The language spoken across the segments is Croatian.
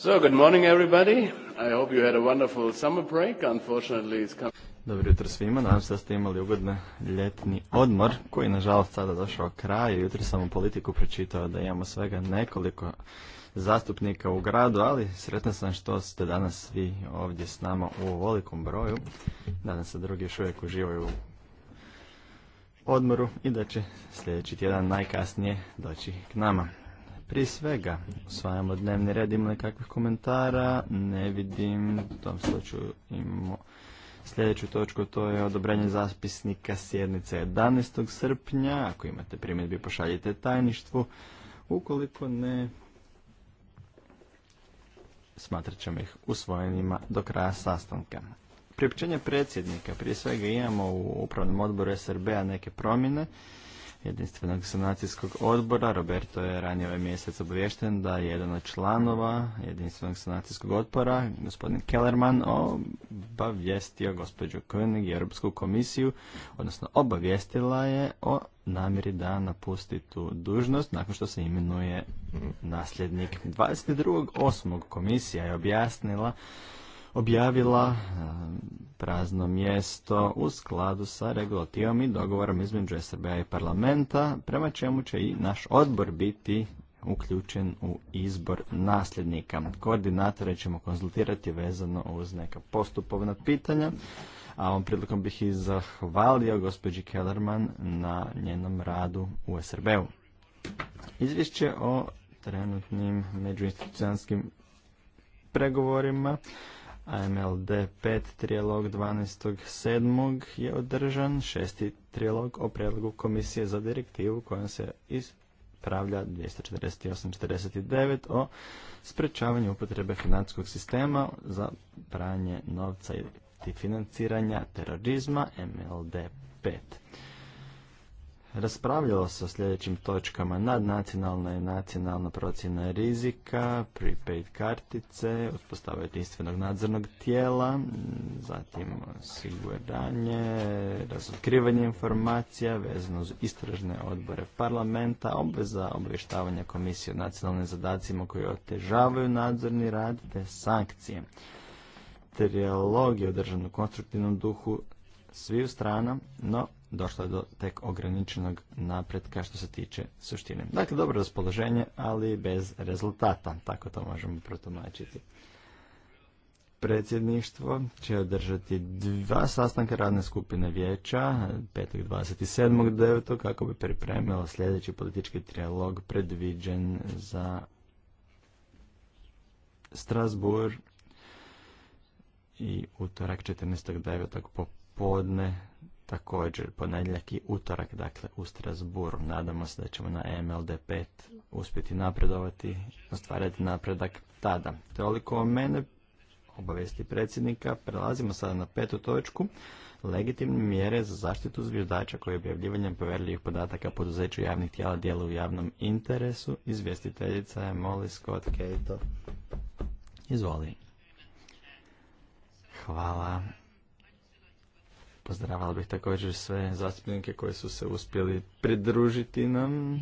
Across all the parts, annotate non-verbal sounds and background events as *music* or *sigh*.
So, good morning everybody. I hope you had a wonderful summer break. Unfortunately, it's come... Dobro jutro svima, nadam se da ste imali ugodno ljetni odmor koji je nažalost sada došao kraj. Jutro sam u politiku pročitao da imamo svega nekoliko zastupnika u gradu, ali sretan sam što ste danas svi ovdje s nama u ovolikom broju. Nadam se drugi još uvijek uživaju u odmoru i da će sljedeći tjedan najkasnije doći k nama. Prije svega, usvajamo dnevni red, ima nekakvih komentara, ne vidim, u tom slučaju imamo sljedeću točku, to je odobrenje zapisnika sjednice 11. srpnja, ako imate primjedbi pošaljite tajništvu, ukoliko ne, smatrat ćemo ih usvojenima do kraja sastanka. Priopćenje predsjednika, prije svega imamo u upravnom odboru SRB-a neke promjene, jedinstvenog sanacijskog odbora. Roberto je ranije ovaj mjesec obavješten da je jedan od članova jedinstvenog sanacijskog odbora, gospodin Kellerman, obavijestio gospođu König i Europsku komisiju, odnosno obavijestila je o namjeri da napusti tu dužnost nakon što se imenuje nasljednik. 22.8. komisija je objasnila objavila eh, prazno mjesto u skladu sa regulativom i dogovorom između srb i parlamenta, prema čemu će i naš odbor biti uključen u izbor nasljednika. Koordinatore ćemo konzultirati vezano uz neka postupovna pitanja, a ovom prilikom bih i zahvalio gospođi Kellerman na njenom radu u SRB-u. Izvješće o trenutnim međuinstitucionalskim pregovorima AMLD 5 trijalog 12.7. je održan, šesti trijalog o predlogu komisije za direktivu kojom se ispravlja 248.49 o sprečavanju upotrebe financijskog sistema za pranje novca i financiranja terorizma MLD 5 raspravljalo se o sljedećim točkama nadnacionalna i nacionalna procjena rizika, prepaid kartice, uspostava jedinstvenog nadzornog tijela, zatim osiguranje, razotkrivanje informacija vezano uz istražne odbore parlamenta, obveza obavještavanja komisije o nacionalnim zadacima koji otežavaju nadzorni rad te sankcije. Trijalog je održan u konstruktivnom duhu sviju strana, no došlo je do tek ograničenog napretka što se tiče suštine. Dakle, dobro raspoloženje, ali bez rezultata, tako to možemo protumačiti. Predsjedništvo će održati dva sastanka radne skupine vijeća, 5.27.9. kako bi pripremilo sljedeći politički trijalog predviđen za Strasbourg i utorak 14.9. popodne također ponedjeljak i utorak, dakle u Strasburu. Nadamo se da ćemo na MLD5 uspjeti napredovati, ostvariti napredak tada. Toliko o mene, obavijesti predsjednika. Prelazimo sada na petu točku. Legitimne mjere za zaštitu zviždača koji objavljivanjem povjerljivih podataka poduzeću javnih tijela dijelu u javnom interesu. Izvjestiteljica je Molly Scott Cato. Izvoli. Hvala. Pozdravila bih također sve zastupnike koji su se uspjeli pridružiti nam.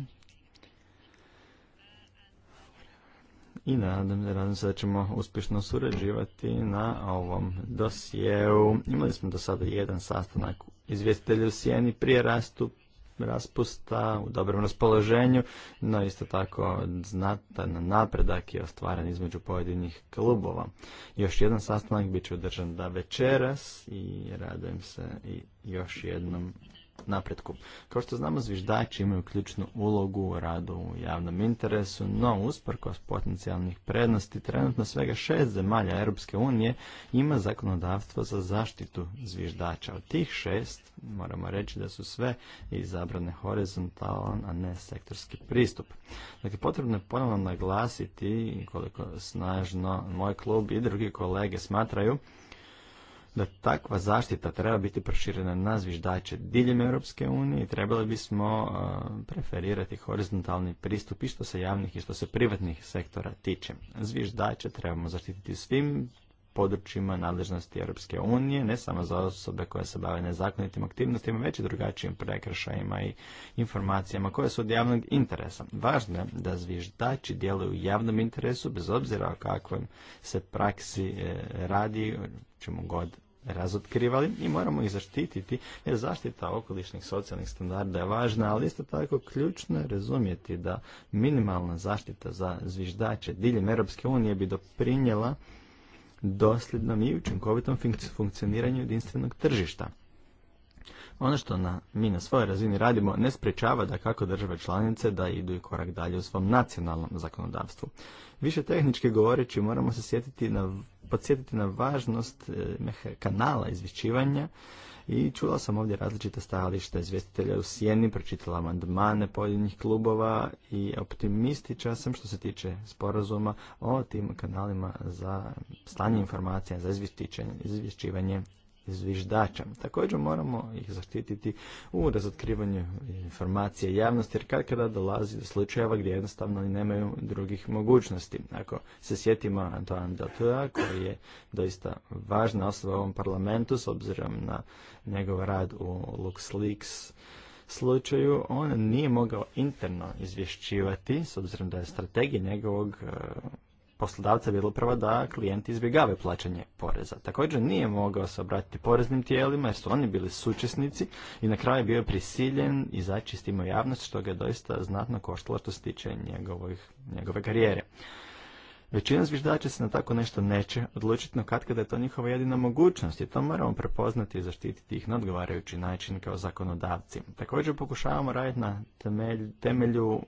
I nadam, se da ćemo uspješno surađivati na ovom dosjeu. Imali smo do sada jedan sastanak izvjestitelja u Sijeni prije rastu raspusta, u dobrom raspoloženju, no isto tako znatan napredak je ostvaren između pojedinih klubova. Još jedan sastanak bit će održan da večeras i radujem se i još jednom napretku. Kao što znamo, zviždači imaju ključnu ulogu u radu u javnom interesu, no usprkos potencijalnih prednosti, trenutno svega šest zemalja Europske unije ima zakonodavstvo za zaštitu zviždača. Od tih šest, moramo reći da su sve izabrane horizontalan, a ne sektorski pristup. Dakle, potrebno je ponovno naglasiti koliko snažno moj klub i drugi kolege smatraju da takva zaštita treba biti proširena na zviždače diljem Europske unije i trebali bismo e, preferirati horizontalni pristup i što se javnih i što se privatnih sektora tiče. Zviždače trebamo zaštititi svim područjima nadležnosti Europske unije, ne samo za osobe koje se bave nezakonitim aktivnostima, već i drugačijim prekršajima i informacijama koje su od javnog interesa. Važno je da zviždači djeluju u javnom interesu, bez obzira o kakvoj se praksi e, radi, čemu god razotkrivali i moramo ih zaštititi jer zaštita okolišnih socijalnih standarda je važna, ali isto tako ključno je razumjeti da minimalna zaštita za zviždače diljem Europske unije bi doprinjela dosljednom i učinkovitom funkcioniranju jedinstvenog tržišta. Ono što na, mi na svojoj razini radimo ne sprečava da kako države članice da idu i korak dalje u svom nacionalnom zakonodavstvu. Više tehnički govoreći moramo se sjetiti na podsjetiti na važnost e, kanala izvješćivanja i čula sam ovdje različite stajališta izvjestitelja u Sjeni, pročitala amandmane pojedinih klubova i optimističan sam što se tiče sporazuma o tim kanalima za stanje informacija, za izvješćivanje zviždača. Također moramo ih zaštititi u razotkrivanju informacije javnosti, jer kad kada dolazi do slučajeva gdje jednostavno nemaju drugih mogućnosti. Ako se sjetimo Antoine Deltura, koji je doista važna osoba u ovom parlamentu, s obzirom na njegov rad u LuxLeaks, slučaju on nije mogao interno izvješćivati s obzirom da je strategija njegovog poslodavca bilo prvo da klijenti izbjegavaju plaćanje poreza. Također nije mogao se obratiti poreznim tijelima jer su oni bili sučesnici i na kraju je bio prisiljen i javnost što ga je doista znatno koštalo što se tiče njegovih, njegove karijere. Većina zviždača se na tako nešto neće odlučiti, no kad kada je to njihova jedina mogućnost i to moramo prepoznati i zaštititi ih na odgovarajući način kao zakonodavci. Također pokušavamo raditi na temelju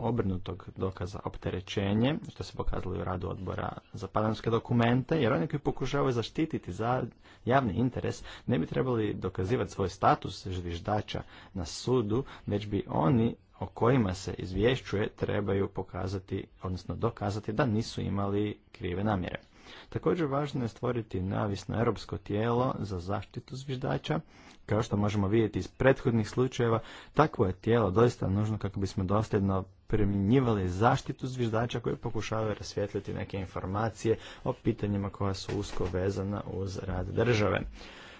obrnutog dokaza opterećenje, što se pokazalo u radu odbora za padanske dokumente, jer oni koji pokušavaju zaštititi za javni interes ne bi trebali dokazivati svoj status žviždača na sudu, već bi oni o kojima se izvješćuje trebaju pokazati, odnosno dokazati da nisu imali krive namjere. Također važno je stvoriti navisno europsko tijelo za zaštitu zviždača. Kao što možemo vidjeti iz prethodnih slučajeva, takvo je tijelo doista nužno kako bismo dosljedno primjenjivali zaštitu zviždača koji pokušavaju rasvjetljati neke informacije o pitanjima koja su usko vezana uz rad države.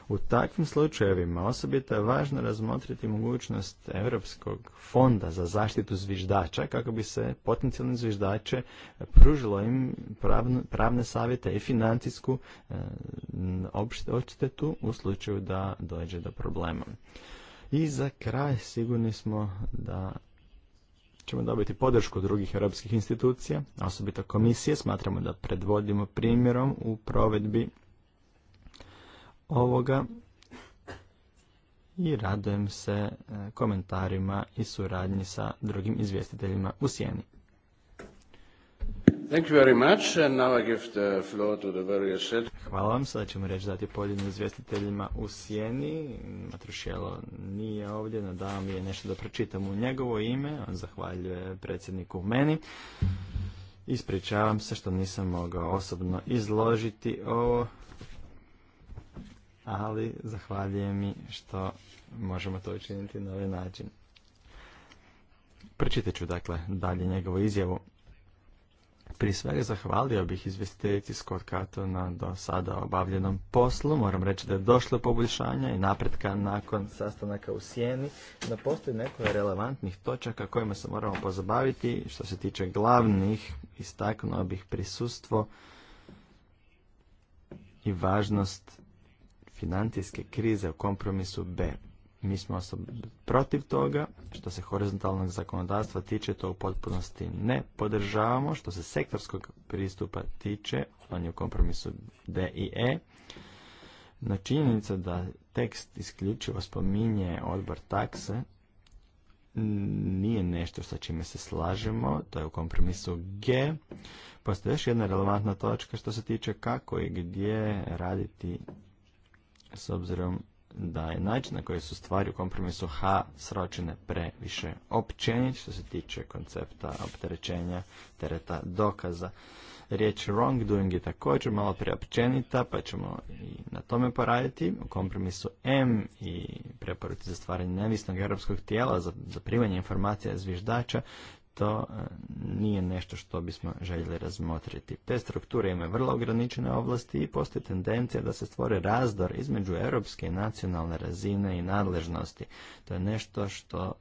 U takvim slučajevima osobito je važno razmotriti mogućnost Europskog fonda za zaštitu zviždača kako bi se potencijalne zviždače pružilo im pravne, pravne savjete i financijsku e, odštetu u slučaju da dođe do problema. I za kraj sigurni smo da ćemo dobiti podršku drugih europskih institucija, osobito komisije. Smatramo da predvodimo primjerom u provedbi ovoga i radujem se e, komentarima i suradnji sa drugim izvjestiteljima u Sjeni. Hvala vam, sada ćemo reći dati pojedinim izvjestiteljima u sjeni. Matrušelo nije ovdje, nadam mi je nešto da pročitam u njegovo ime. On zahvaljuje predsjedniku meni. Ispričavam se što nisam mogao osobno izložiti ovo, ali zahvaljujem mi što možemo to učiniti na ovaj način. Pročitat ću dakle dalje njegovu izjavu. Prije svega zahvalio bih izvjestiteljici Scott Cato na do sada obavljenom poslu. Moram reći da je došlo poboljšanja i napretka nakon sastanaka u Sijeni. Da postoji neko relevantnih točaka kojima se moramo pozabaviti. Što se tiče glavnih, istaknuo bih prisustvo i važnost financijske krize u kompromisu B. Mi smo protiv toga. Što se horizontalnog zakonodavstva tiče, to u potpunosti ne podržavamo. Što se sektorskog pristupa tiče, on je u kompromisu D i E. No činjenica da tekst isključivo spominje odbor takse, nije nešto sa čime se slažemo, to je u kompromisu G. Postoji još jedna relevantna točka što se tiče kako i gdje raditi s obzirom da je način na koji su stvari u kompromisu H sročene previše općenit što se tiče koncepta opterećenja tereta dokaza. Riječ wrongdoing je također malo preopćenita, pa ćemo i na tome poraditi. U kompromisu M i preporuci za stvaranje nevisnog europskog tijela za primanje informacija zviždača to e, nije nešto što bismo željeli razmotriti. Te strukture imaju vrlo ograničene ovlasti i postoji tendencija da se stvore razdor između europske i nacionalne razine i nadležnosti. To je nešto što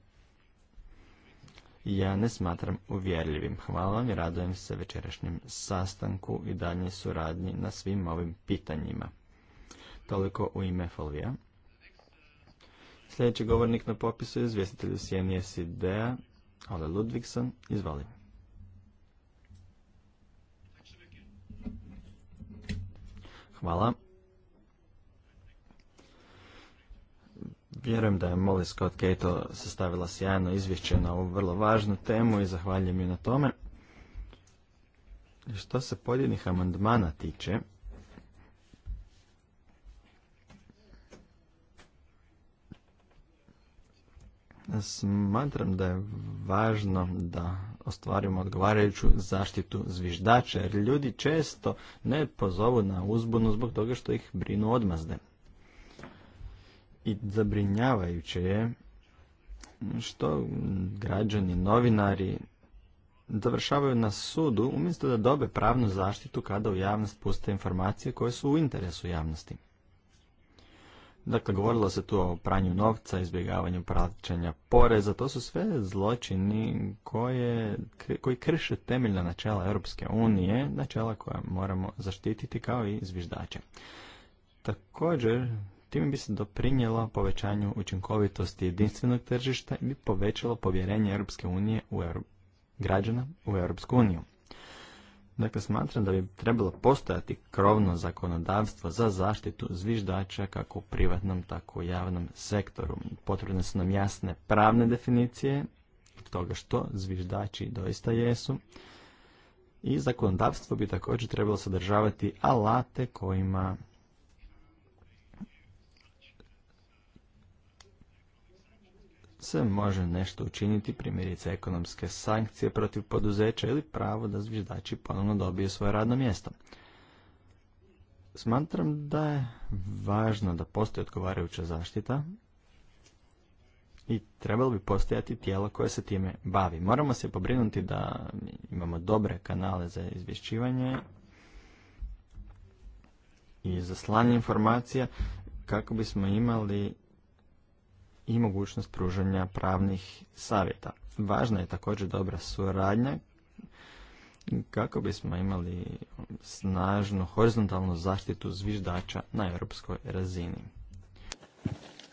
ja ne smatram uvjerljivim. Hvala vam i radujem se večerašnjem sastanku i daljnjoj suradnji na svim ovim pitanjima. Toliko u ime Folvija. Sljedeći govornik na popisu je izvjestitelj Sjeni Ale Ludvigsen, izvali. Hvala. Vjerujem da je Molly Scott Cato sastavila sjajno izvješće na ovu vrlo važnu temu i zahvaljujem ju na tome. Što se pojedinih amandmana tiče, Smatram da je važno da ostvarimo odgovarajuću zaštitu zviždača, jer ljudi često ne pozovu na uzbunu zbog toga što ih brinu odmazde. I zabrinjavajuće je što građani, novinari završavaju na sudu umjesto da dobe pravnu zaštitu kada u javnost puste informacije koje su u interesu javnosti. Dakle, govorilo se tu o pranju novca, izbjegavanju praćenja poreza. To su sve zločini koji krše temeljna načela Europske unije, načela koja moramo zaštititi kao i zviždače. Također, time bi se doprinjelo povećanju učinkovitosti jedinstvenog tržišta i bi povećalo povjerenje Europske unije u Euro... građana u Europsku uniju. Dakle, smatram da bi trebalo postojati krovno zakonodavstvo za zaštitu zviždača kako u privatnom, tako u javnom sektoru. Potrebne su nam jasne pravne definicije toga što zviždači doista jesu. I zakonodavstvo bi također trebalo sadržavati alate kojima se može nešto učiniti, primjerice ekonomske sankcije protiv poduzeća ili pravo da zviždači ponovno dobiju svoje radno mjesto. Smatram da je važno da postoji odgovarajuća zaštita i trebalo bi postojati tijelo koje se time bavi. Moramo se pobrinuti da imamo dobre kanale za izvješćivanje i za slanje informacija kako bismo imali i mogućnost pružanja pravnih savjeta. Važna je također dobra suradnja kako bismo imali snažnu horizontalnu zaštitu zviždača na europskoj razini.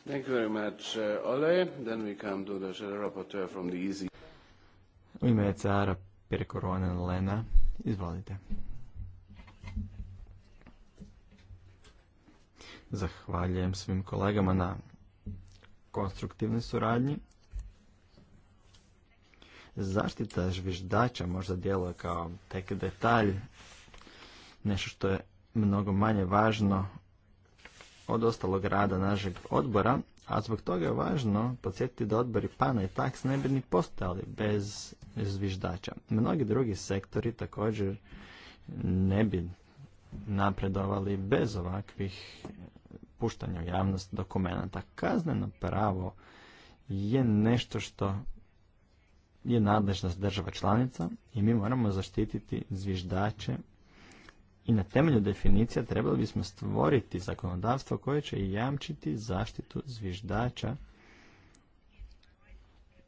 Thank you very uh, Then U ime e Cara Lena, izvolite. Zahvaljujem svim kolegama na konstruktivnoj suradnji. Zaštita žviždača možda djeluje kao tek detalj, nešto što je mnogo manje važno od ostalog rada našeg odbora, a zbog toga je važno podsjetiti da odbori PANA i TAKS ne bi ni postali bez zviždača. Mnogi drugi sektori također ne bi napredovali bez ovakvih puštanje u javnost dokumenata. Kazneno pravo je nešto što je nadležnost država članica i mi moramo zaštititi zviždače i na temelju definicija trebali bismo stvoriti zakonodavstvo koje će jamčiti zaštitu zviždača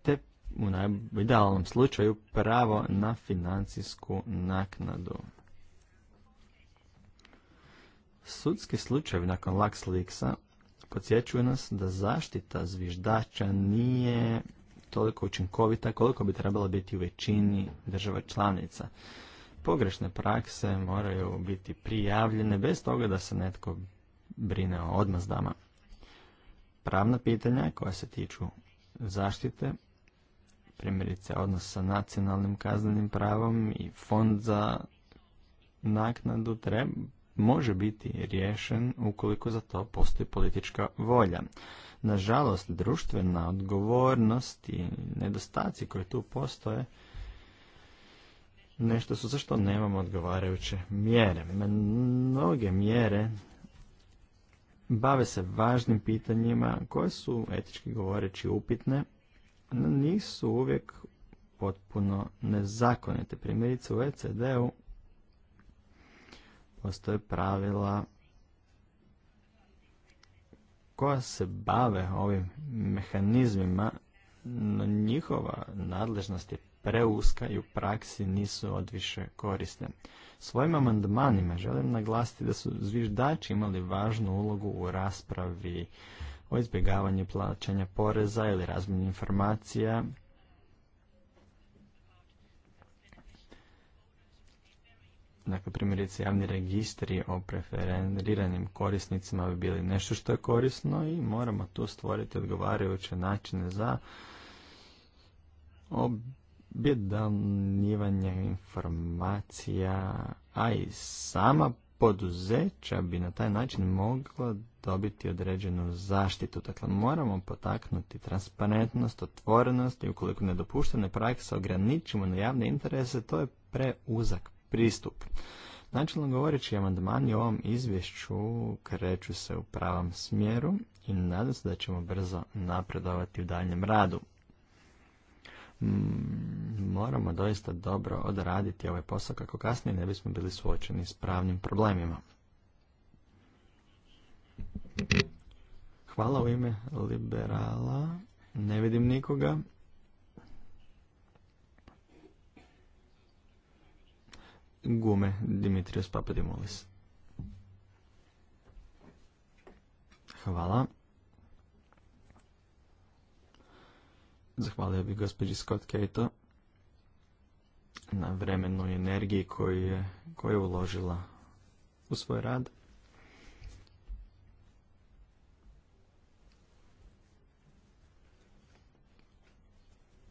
te u idealnom slučaju pravo na financijsku naknadu. Sudski slučaj nakon LuxLeaksa podsjećuje nas da zaštita zviždača nije toliko učinkovita koliko bi trebala biti u većini država članica. Pogrešne prakse moraju biti prijavljene bez toga da se netko brine o odmazdama. Pravna pitanja koja se tiču zaštite, primjerice odnos sa nacionalnim kaznenim pravom i fond za naknadu, treba, može biti riješen ukoliko za to postoji politička volja. Nažalost, društvena odgovornost i nedostaci koje tu postoje nešto su zašto što nemamo odgovarajuće mjere. Mnoge mjere bave se važnim pitanjima koje su etički govoreći upitne, nisu uvijek potpuno nezakonite. Primjerice u ECD-u postoje pravila koja se bave ovim mehanizmima, no njihova nadležnost je preuska i u praksi nisu odviše korisne. Svojim amandmanima želim naglasiti da su zviždači imali važnu ulogu u raspravi o izbjegavanju plaćanja poreza ili razmjenju informacija, Dakle, primjerice javni registri o prefereniranim korisnicima bi bili nešto što je korisno i moramo tu stvoriti odgovarajuće načine za objedanjivanje informacija, a i sama poduzeća bi na taj način mogla dobiti određenu zaštitu. Dakle, moramo potaknuti transparentnost, otvorenost i ukoliko nedopuštene prakse ograničimo na javne interese, to je preuzak pristup. Načelno govoreći amandmani i ovom izvješću kreću se u pravom smjeru i nadam se da ćemo brzo napredovati u daljem radu. Mm, moramo doista dobro odraditi ovaj posao kako kasnije ne bismo bili suočeni s pravnim problemima. Hvala u ime liberala. Ne vidim nikoga. Gume, Dimitrios Papadimoulis. Hvala. Zahvalio bih gospođi Scott Cato na vremenu i energiji koju je, koju je uložila u svoj rad.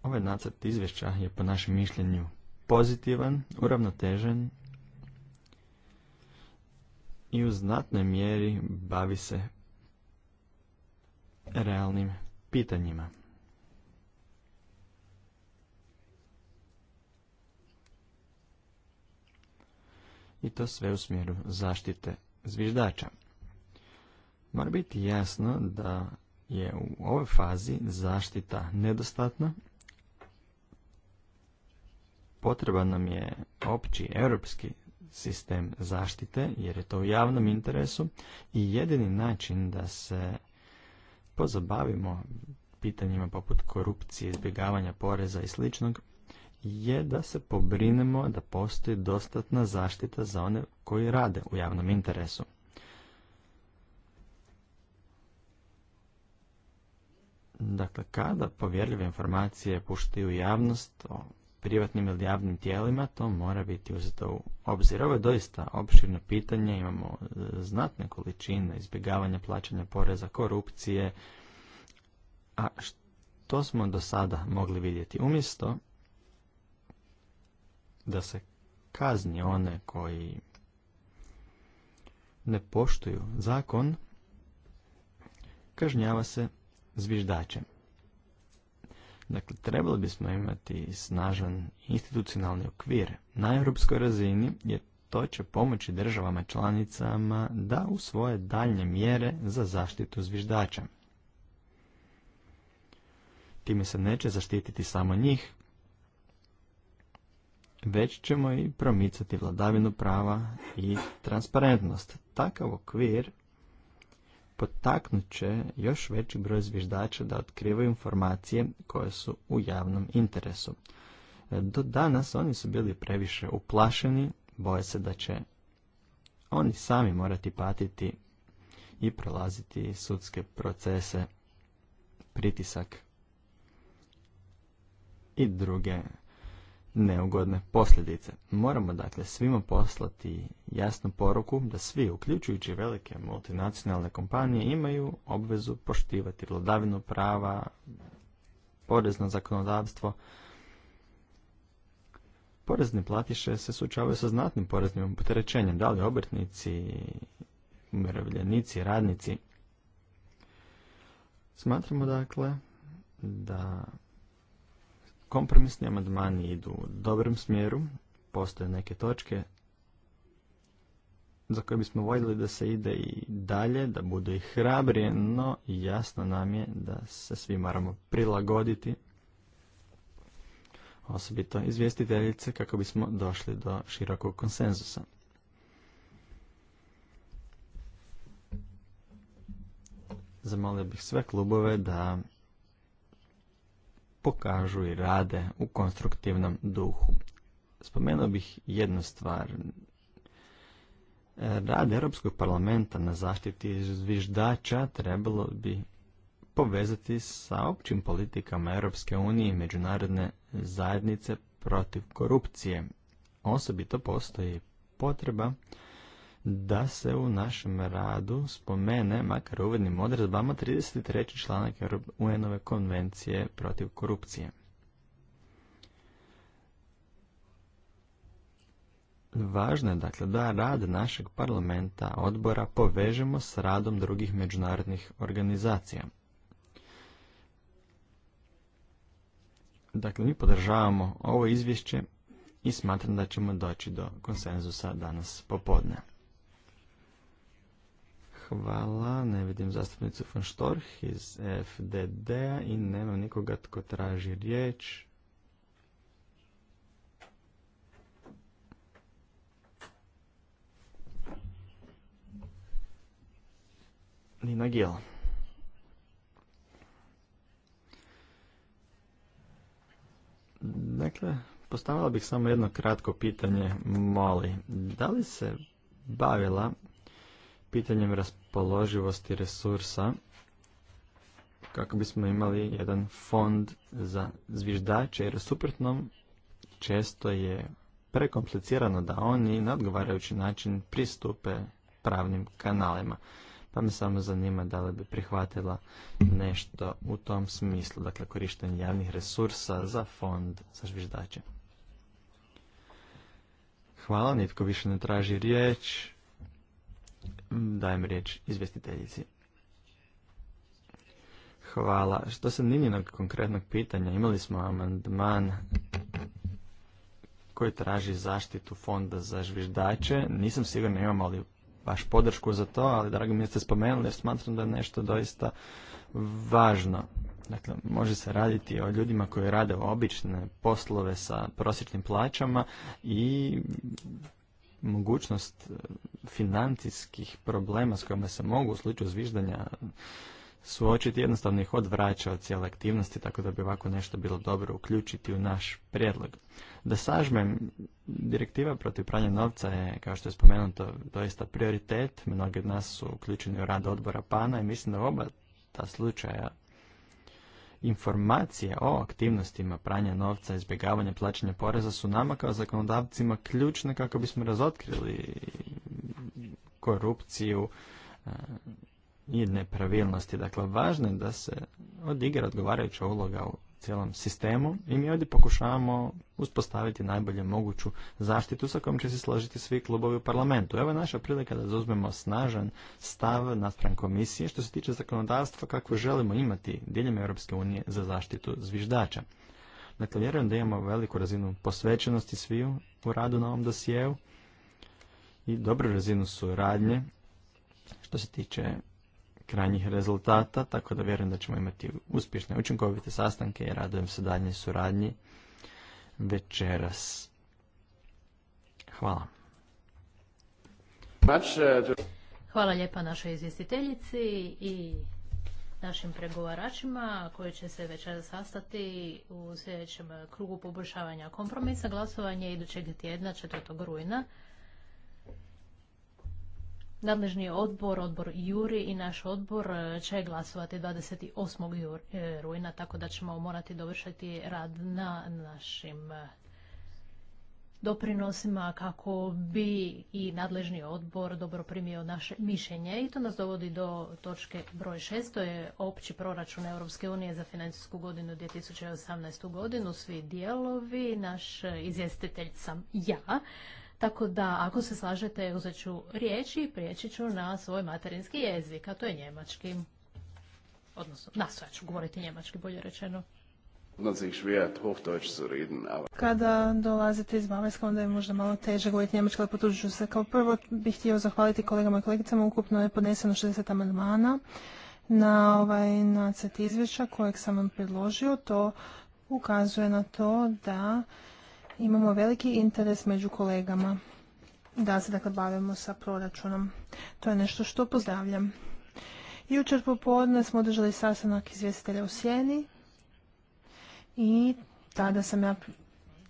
Ovaj nacrt izvješća je po našem mišljenju pozitivan, uravnotežen i u znatnoj mjeri bavi se realnim pitanjima. I to sve u smjeru zaštite zviždača. Mora biti jasno da je u ovoj fazi zaštita nedostatna Potreban nam je opći europski sistem zaštite jer je to u javnom interesu i jedini način da se pozabavimo pitanjima poput korupcije, izbjegavanja poreza i sličnog je da se pobrinemo da postoji dostatna zaštita za one koji rade u javnom interesu. Dakle, kada povjerljive informacije puštaju javnost o privatnim ili javnim tijelima, to mora biti uzeto u obzir. Ovo je doista opširno pitanje, imamo e, znatne količine izbjegavanja plaćanja poreza, korupcije, a što smo do sada mogli vidjeti? Umjesto da se kazni one koji ne poštuju zakon, kažnjava se zviždačem. Dakle, trebali bismo imati snažan institucionalni okvir. Na europskoj razini jer to će pomoći državama članicama da u svoje daljnje mjere za zaštitu zviždača. Time se neće zaštititi samo njih, već ćemo i promicati vladavinu prava i transparentnost. Takav okvir potaknut će još veći broj zviždača da otkrivaju informacije koje su u javnom interesu. E, do danas oni su bili previše uplašeni, boje se da će oni sami morati patiti i prolaziti sudske procese, pritisak i druge neugodne posljedice. Moramo dakle svima poslati jasnu poruku da svi, uključujući velike multinacionalne kompanije, imaju obvezu poštivati vladavinu prava, porezno zakonodavstvo. Porezni platiše se sučavaju sa znatnim poreznim opterećenjem, da li obrtnici, umirovljenici, radnici. Smatramo dakle da Kompromisni amandmani idu u dobrom smjeru, postoje neke točke za koje bismo voljeli da se ide i dalje, da budu i hrabrije, no jasno nam je da se svi moramo prilagoditi, osobito izvjestiteljice, kako bismo došli do širokog konsenzusa. Zamolio bih sve klubove da pokažu i rade u konstruktivnom duhu. Spomenuo bih jednu stvar. Rad Europskog parlamenta na zaštiti zviždača trebalo bi povezati sa općim politikama Europske unije i međunarodne zajednice protiv korupcije. Osobito postoji potreba da se u našem radu spomene, makar uvednim odredbama, 33. članak UN-ove konvencije protiv korupcije. Važno je dakle da rad našeg parlamenta odbora povežemo s radom drugih međunarodnih organizacija. Dakle, mi podržavamo ovo izvješće i smatram da ćemo doći do konsenzusa danas popodne. Hvala, ne vidim zastupnicu von Storch iz fdd i nema nikoga tko traži riječ. Nina Gil. Dakle, postavila bih samo jedno kratko pitanje, moli. Da li se bavila pitanjem raspoloživosti resursa kako bismo imali jedan fond za zviždače jer u često je prekomplicirano da oni na odgovarajući način pristupe pravnim kanalima. Pa me samo zanima da li bi prihvatila nešto u tom smislu, dakle korištenje javnih resursa za fond za zviždače. Hvala, nitko više ne traži riječ dajem riječ izvestiteljici. Hvala. Što se nijednog konkretnog pitanja, imali smo amandman koji traži zaštitu fonda za žviždače. Nisam siguran imamo li baš podršku za to, ali drago mi ste spomenuli jer smatram da je nešto doista važno. Dakle, može se raditi o ljudima koji rade obične poslove sa prosječnim plaćama i mogućnost e, financijskih problema s kojima se mogu u slučaju zviždanja suočiti jednostavno ih odvraća od cijele aktivnosti, tako da bi ovako nešto bilo dobro uključiti u naš prijedlog. Da sažmem, direktiva protiv pranja novca je, kao što je spomenuto, doista prioritet. Mnogi od nas su uključeni u rad odbora PANA i mislim da oba ta slučaja informacije o aktivnostima pranja novca, izbjegavanja plaćanja poreza su nama kao zakonodavcima ključne kako bismo razotkrili korupciju e, i nepravilnosti. Dakle, važno je da se odigra odgovarajuća uloga u cijelom sistemu i mi ovdje pokušavamo uspostaviti najbolje moguću zaštitu sa kojom će se složiti svi klubovi u parlamentu. Evo je naša prilika da zauzmemo snažan stav naspram komisije što se tiče zakonodavstva kako želimo imati diljem Europske unije za zaštitu zviždača. Dakle, vjerujem da imamo veliku razinu posvećenosti sviju u radu na ovom dosijevu i dobru razinu suradnje što se tiče krajnjih rezultata, tako da vjerujem da ćemo imati uspješne učinkovite sastanke i radujem se daljnjoj suradnji večeras. Hvala. Hvala lijepa našoj izvjestiteljici i našim pregovaračima koji će se večeras sastati u sljedećem krugu poboljšavanja kompromisa. Glasovanje idućeg tjedna 4. rujna. Nadležni odbor, odbor Juri i naš odbor e, će glasovati 28. E, rujna, tako da ćemo morati dovršati rad na našim e, doprinosima kako bi i nadležni odbor dobro primio naše mišljenje. I to nas dovodi do točke broj 6, to je opći proračun Europske unije za financijsku godinu 2018. godinu, svi dijelovi, naš izvjestitelj sam ja. Tako da, ako se slažete, uzet ću riječ i prijeći ću na svoj materinski jezik, a to je njemački. Odnosno, nastojat ću govoriti njemački, bolje rečeno. Kada dolazite iz Bavarska, onda je možda malo teže govoriti njemački, ali potužit ću se. Kao prvo bih htio zahvaliti kolegama i kolegicama. Ukupno je podneseno 60 amandmana na ovaj nacet izvješća kojeg sam vam predložio. To ukazuje na to da imamo veliki interes među kolegama da se dakle bavimo sa proračunom. To je nešto što pozdravljam. Jučer popodne smo održali sastanak izvjestitelja u Sjeni i tada sam ja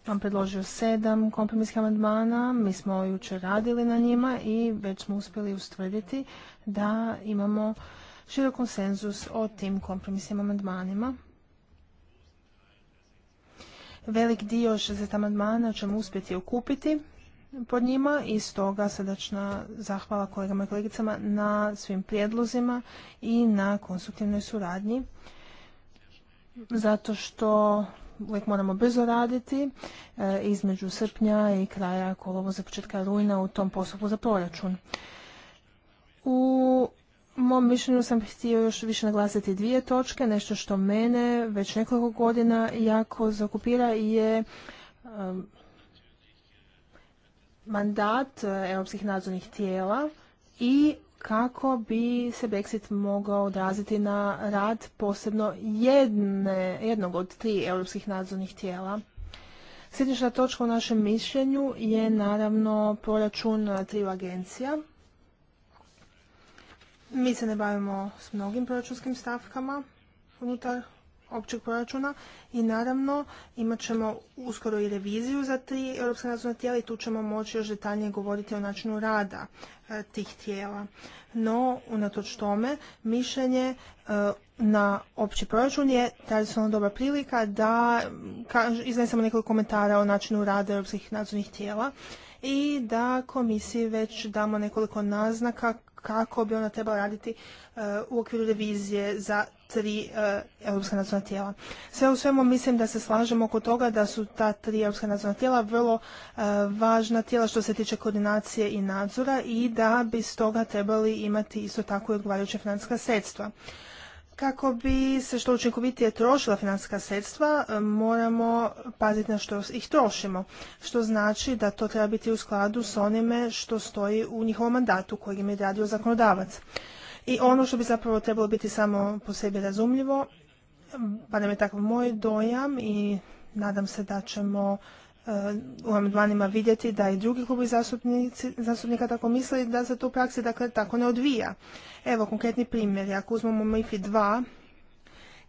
vam predložio sedam kompromisnih amandmana. Mi smo jučer radili na njima i već smo uspjeli ustvrditi da imamo širok konsenzus o tim kompromisnim amandmanima velik dio 60 amandmana ćemo uspjeti okupiti pod njima i stoga srdačna zahvala kolegama i kolegicama na svim prijedlozima i na konstruktivnoj suradnji zato što uvijek moramo brzo raditi e, između srpnja i kraja kolovo za početka rujna u tom postupku za proračun. U mom mišljenju sam htio još više naglasiti dvije točke. Nešto što mene već nekoliko godina jako zakupira je um, mandat e, europskih nadzornih tijela i kako bi se Brexit mogao odraziti na rad posebno jedne, jednog od tri europskih nadzornih tijela. Sljedeća točka u našem mišljenju je naravno proračun tri agencija mi se ne bavimo s mnogim proračunskim stavkama unutar općeg proračuna i naravno imat ćemo uskoro i reviziju za tri europska nadzorna tijela i tu ćemo moći još detaljnije govoriti o načinu rada e, tih tijela. No, unatoč tome, mišljenje e, na opći proračun je tradicionalno dobra prilika da iznesemo nekoliko komentara o načinu rada europskih nadzornih tijela i da komisiji već damo nekoliko naznaka kako bi ona trebala raditi e, u okviru revizije za tri e, europska nacionalna tijela. Sve u svemu mislim da se slažemo oko toga da su ta tri europska nacionalna tijela vrlo e, važna tijela što se tiče koordinacije i nadzora i da bi stoga trebali imati isto tako i odgovarajuće financijska sredstva. Kako bi se što učinkovitije trošila financijska sredstva, e, moramo paziti na što ih trošimo, što znači da to treba biti u skladu s onime što stoji u njihovom mandatu kojeg im je radio zakonodavac. I ono što bi zapravo trebalo biti samo po sebi razumljivo, pa nam je takav moj dojam i nadam se da ćemo u amandmanima vidjeti da i drugi klubi zastupnika tako misle da se to u praksi dakle, tako ne odvija. Evo konkretni primjer, ako uzmemo MIFI 2,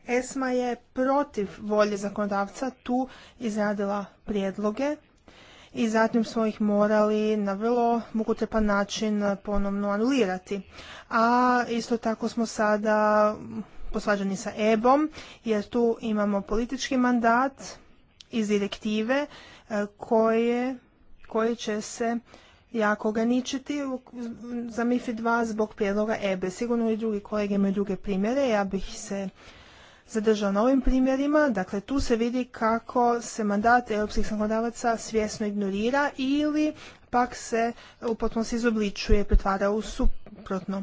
ESMA je protiv volje zakonodavca tu izradila prijedloge i zatim smo ih morali na vrlo mukotrpan način ponovno anulirati. A isto tako smo sada poslađeni sa EBOM jer tu imamo politički mandat iz direktive koje, koje će se jako ograničiti za MIFID 2 zbog prijedloga EBE. Sigurno i drugi kolege imaju druge primjere. Ja bih se zadržao na ovim primjerima. Dakle, tu se vidi kako se mandat europskih zakonodavaca svjesno ignorira ili pak se u potpunosti izobličuje, pretvara u suprotno.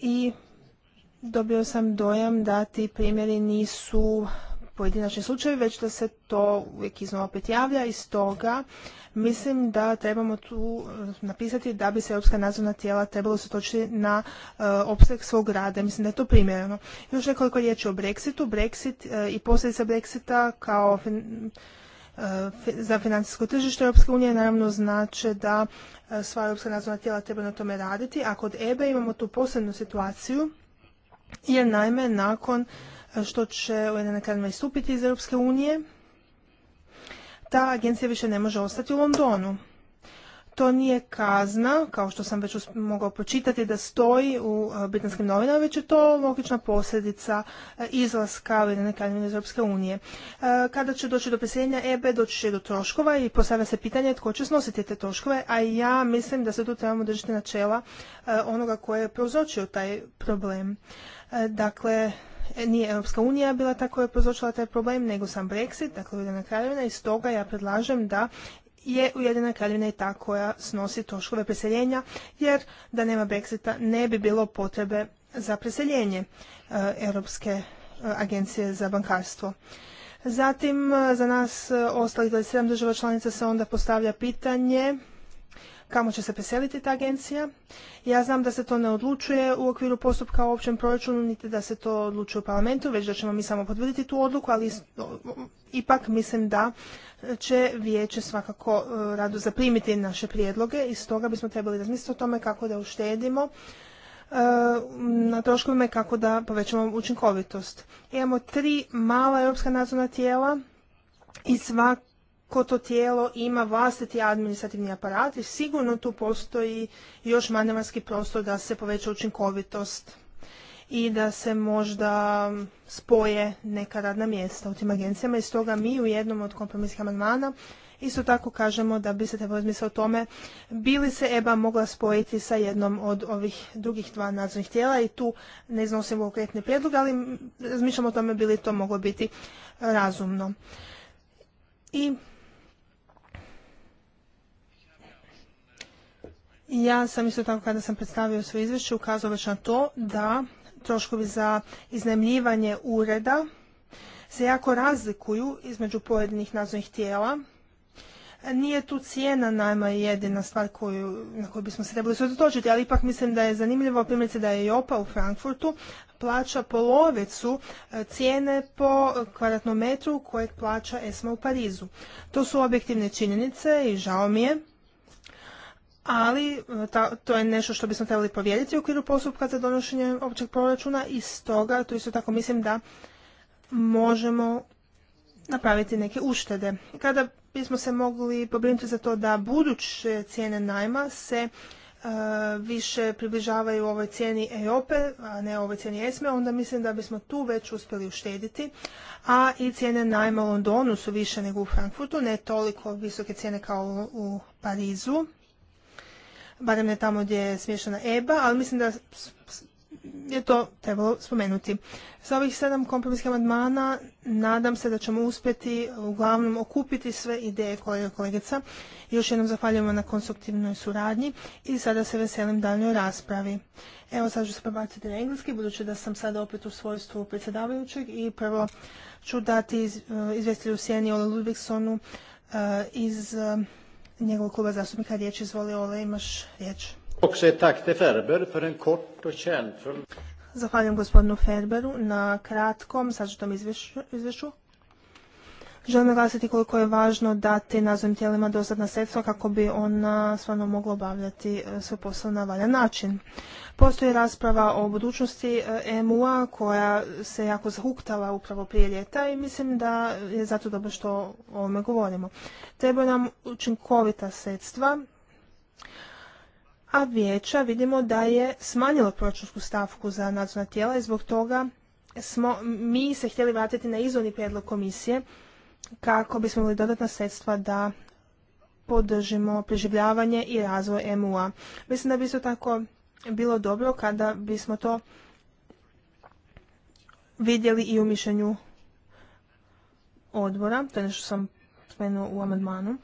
I dobio sam dojam da ti primjeri nisu pojedinačni slučajevi, već da se to uvijek iznova opet javlja i stoga mislim da trebamo tu eh, napisati da bi se europska nadzorna tijela trebalo se točiti na eh, opseg svog rada. Mislim da je to primjereno. Još nekoliko riječi o Brexitu. Brexit eh, i posljedica Brexita kao za financijsko tržište Europske unije naravno znače da sva europska nadzorna tijela treba na tome raditi, a kod EBE e imamo tu posebnu situaciju jer naime nakon što će Ujedinjena kraljevina istupiti iz Europske unije, ta agencija više ne može ostati u Londonu. To nije kazna, kao što sam već mogao pročitati da stoji u e, britanskim novinama, već je to logična posljedica e, izlaska jedne kraljevine iz Europske unije. E, kada će doći do preseljenja EBE, doći će do troškova i postavlja se pitanje tko će snositi te troškove, a ja mislim da se tu trebamo držati načela onoga koje je prouzročio taj problem. Dakle, nije Europska unija bila ta koja je prozočila taj problem, nego sam Brexit, dakle Ujedina kraljevina i stoga ja predlažem da je Ujedina kraljevina i ta koja snosi troškove preseljenja, jer da nema Brexita ne bi bilo potrebe za preseljenje e, Europske e, agencije za bankarstvo. Zatim, e, za nas ostalih 27 država članica se onda postavlja pitanje kamo će se preseliti ta agencija. Ja znam da se to ne odlučuje u okviru postupka u općem proračunu, niti da se to odlučuje u parlamentu, već da ćemo mi samo potvrditi tu odluku, ali ipak mislim da će vijeće svakako e, rado zaprimiti naše prijedloge i stoga bismo trebali razmisliti o tome kako da uštedimo e, na troškovima i kako da povećamo učinkovitost. Imamo tri mala europska nadzorna tijela i svak to tijelo ima vlastiti administrativni aparat i sigurno tu postoji još manevarski prostor da se poveća učinkovitost i da se možda spoje neka radna mjesta u tim agencijama i stoga mi u jednom od kompromisnih amandmana Isto tako kažemo da bi se trebalo o tome bi li se EBA mogla spojiti sa jednom od ovih drugih dva nadzornih tijela i tu ne iznosimo konkretne prijedloge, ali razmišljamo o tome bi li to moglo biti razumno. I Ja sam isto tako kada sam predstavio svoje izvješće ukazao već na to da troškovi za iznajmljivanje ureda se jako razlikuju između pojedinih nadzornih tijela. Nije tu cijena najma jedina stvar koju, na koju bismo se trebali sotočiti, ali ipak mislim da je zanimljivo primjerice da je Jopa u Frankfurtu plaća polovicu e, cijene po kvadratnom metru kojeg plaća ESMA u Parizu. To su objektivne činjenice i žao mi je ali e, to je nešto što bismo trebali povjeriti u okviru postupka za donošenje općeg proračuna i stoga tu isto tako mislim da možemo napraviti neke uštede. Kada bismo se mogli pobrinuti za to da buduće cijene najma se e, više približavaju ovoj cijeni EOPE, a ne ovoj cijeni ESME, onda mislim da bismo tu već uspjeli uštediti. A i cijene najma u Londonu su više nego u Frankfurtu, ne toliko visoke cijene kao u Parizu barem ne tamo gdje je smješana EBA, ali mislim da je to trebalo spomenuti. Sa ovih sedam kompromisnih amandmana nadam se da ćemo uspjeti uglavnom okupiti sve ideje kolega kolegica. Još jednom zahvaljujemo na konstruktivnoj suradnji i sada se veselim daljnoj raspravi. Evo sad ću se prebaciti na engleski, budući da sam sada opet u svojstvu predsjedavajućeg i prvo ću dati izvestilju eh, izvjestitelju Sjeni ola Ludvigsonu eh, iz eh, njegovog kluba zastupnika riječ. Izvoli Ole, imaš riječ. Zahvaljujem gospodinu Ferberu na kratkom sažetom izvješću. Želim naglasiti koliko je važno dati nadzornim tijelima dostatna sredstva kako bi ona stvarno mogla obavljati e, svoj posao na valjan način. Postoji rasprava o budućnosti EMU-a koja se jako zahuktala upravo prije ljeta i mislim da je zato dobro što o ovome govorimo. Treba nam učinkovita sredstva, a vijeća vidimo da je smanjilo proračunsku stavku za nadzorna tijela i zbog toga smo mi se htjeli vratiti na izvorni prijedlog komisije kako bismo imali dodatna sredstva da podržimo preživljavanje i razvoj EMU-a. Mislim da bi isto tako bilo dobro kada bismo to vidjeli i u mišljenju odbora, to je nešto sam spomenuo u amandmanu.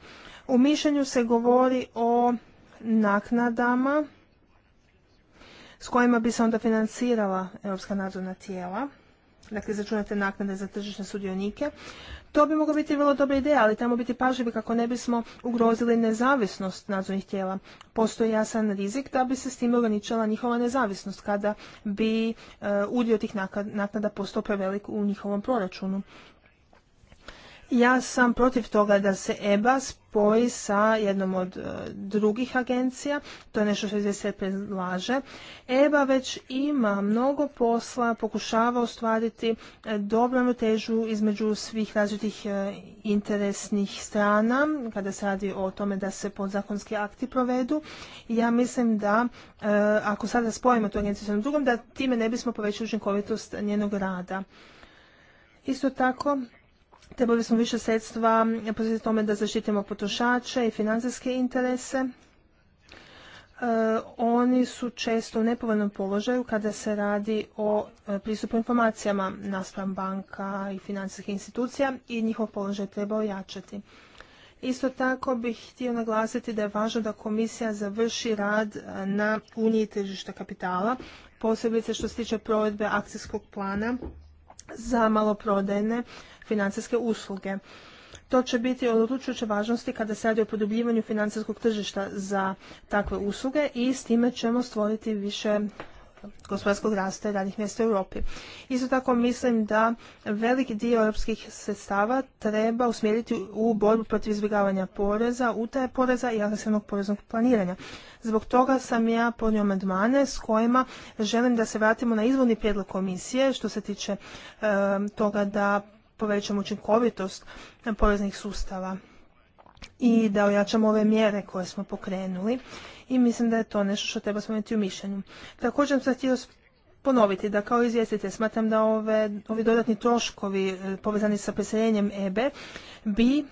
U mišljenju se govori o naknadama s kojima bi se onda financirala europska nadzorna tijela dakle izračunate naknade za tržišne sudionike. To bi mogla biti vrlo dobra ideja, ali trebamo biti pažljivi kako ne bismo ugrozili nezavisnost nadzornih tijela. Postoji jasan rizik da bi se s tim ograničila njihova nezavisnost kada bi e, udio tih naknada postao prevelik u njihovom proračunu. Ja sam protiv toga da se EBA spoji sa jednom od e, drugih agencija, to je nešto što se predlaže. EBA već ima mnogo posla, pokušava ostvariti e, dobru težu između svih različitih e, interesnih strana, kada se radi o tome da se podzakonski akti provedu. Ja mislim da ako sada spojimo tu agenciju sa drugom, da time ne bismo povećali učinkovitost njenog rada. Isto tako, Trebali smo više sredstva posjetiti tome da zaštitimo potrošače i financijske interese. E, oni su često u nepovoljnom položaju kada se radi o e, pristupu informacijama naspram banka i financijskih institucija i njihov položaj treba ojačati. Isto tako bih htio naglasiti da je važno da komisija završi rad e, na uniji tržišta kapitala, posebice što se tiče provedbe akcijskog plana za maloprodajne financijske usluge. To će biti od odlučujuće važnosti kada se radi o produbljivanju financijskog tržišta za takve usluge i s time ćemo stvoriti više gospodarskog rasta i radnih mjesta u Europi. Isto tako mislim da veliki dio europskih sredstava treba usmjeriti u borbu protiv izbjegavanja poreza, utaje poreza i agresivnog poreznog planiranja. Zbog toga sam ja podnio amandmane s kojima želim da se vratimo na izvorni prijedlog komisije što se tiče e, toga da povećamo učinkovitost poreznih sustava i da ojačamo ove mjere koje smo pokrenuli i mislim da je to nešto što treba spomenuti u mišljenju. Također sam htio ponoviti da kao izvjestite smatram da ove, ovi dodatni troškovi e, povezani sa preseljenjem EBE bi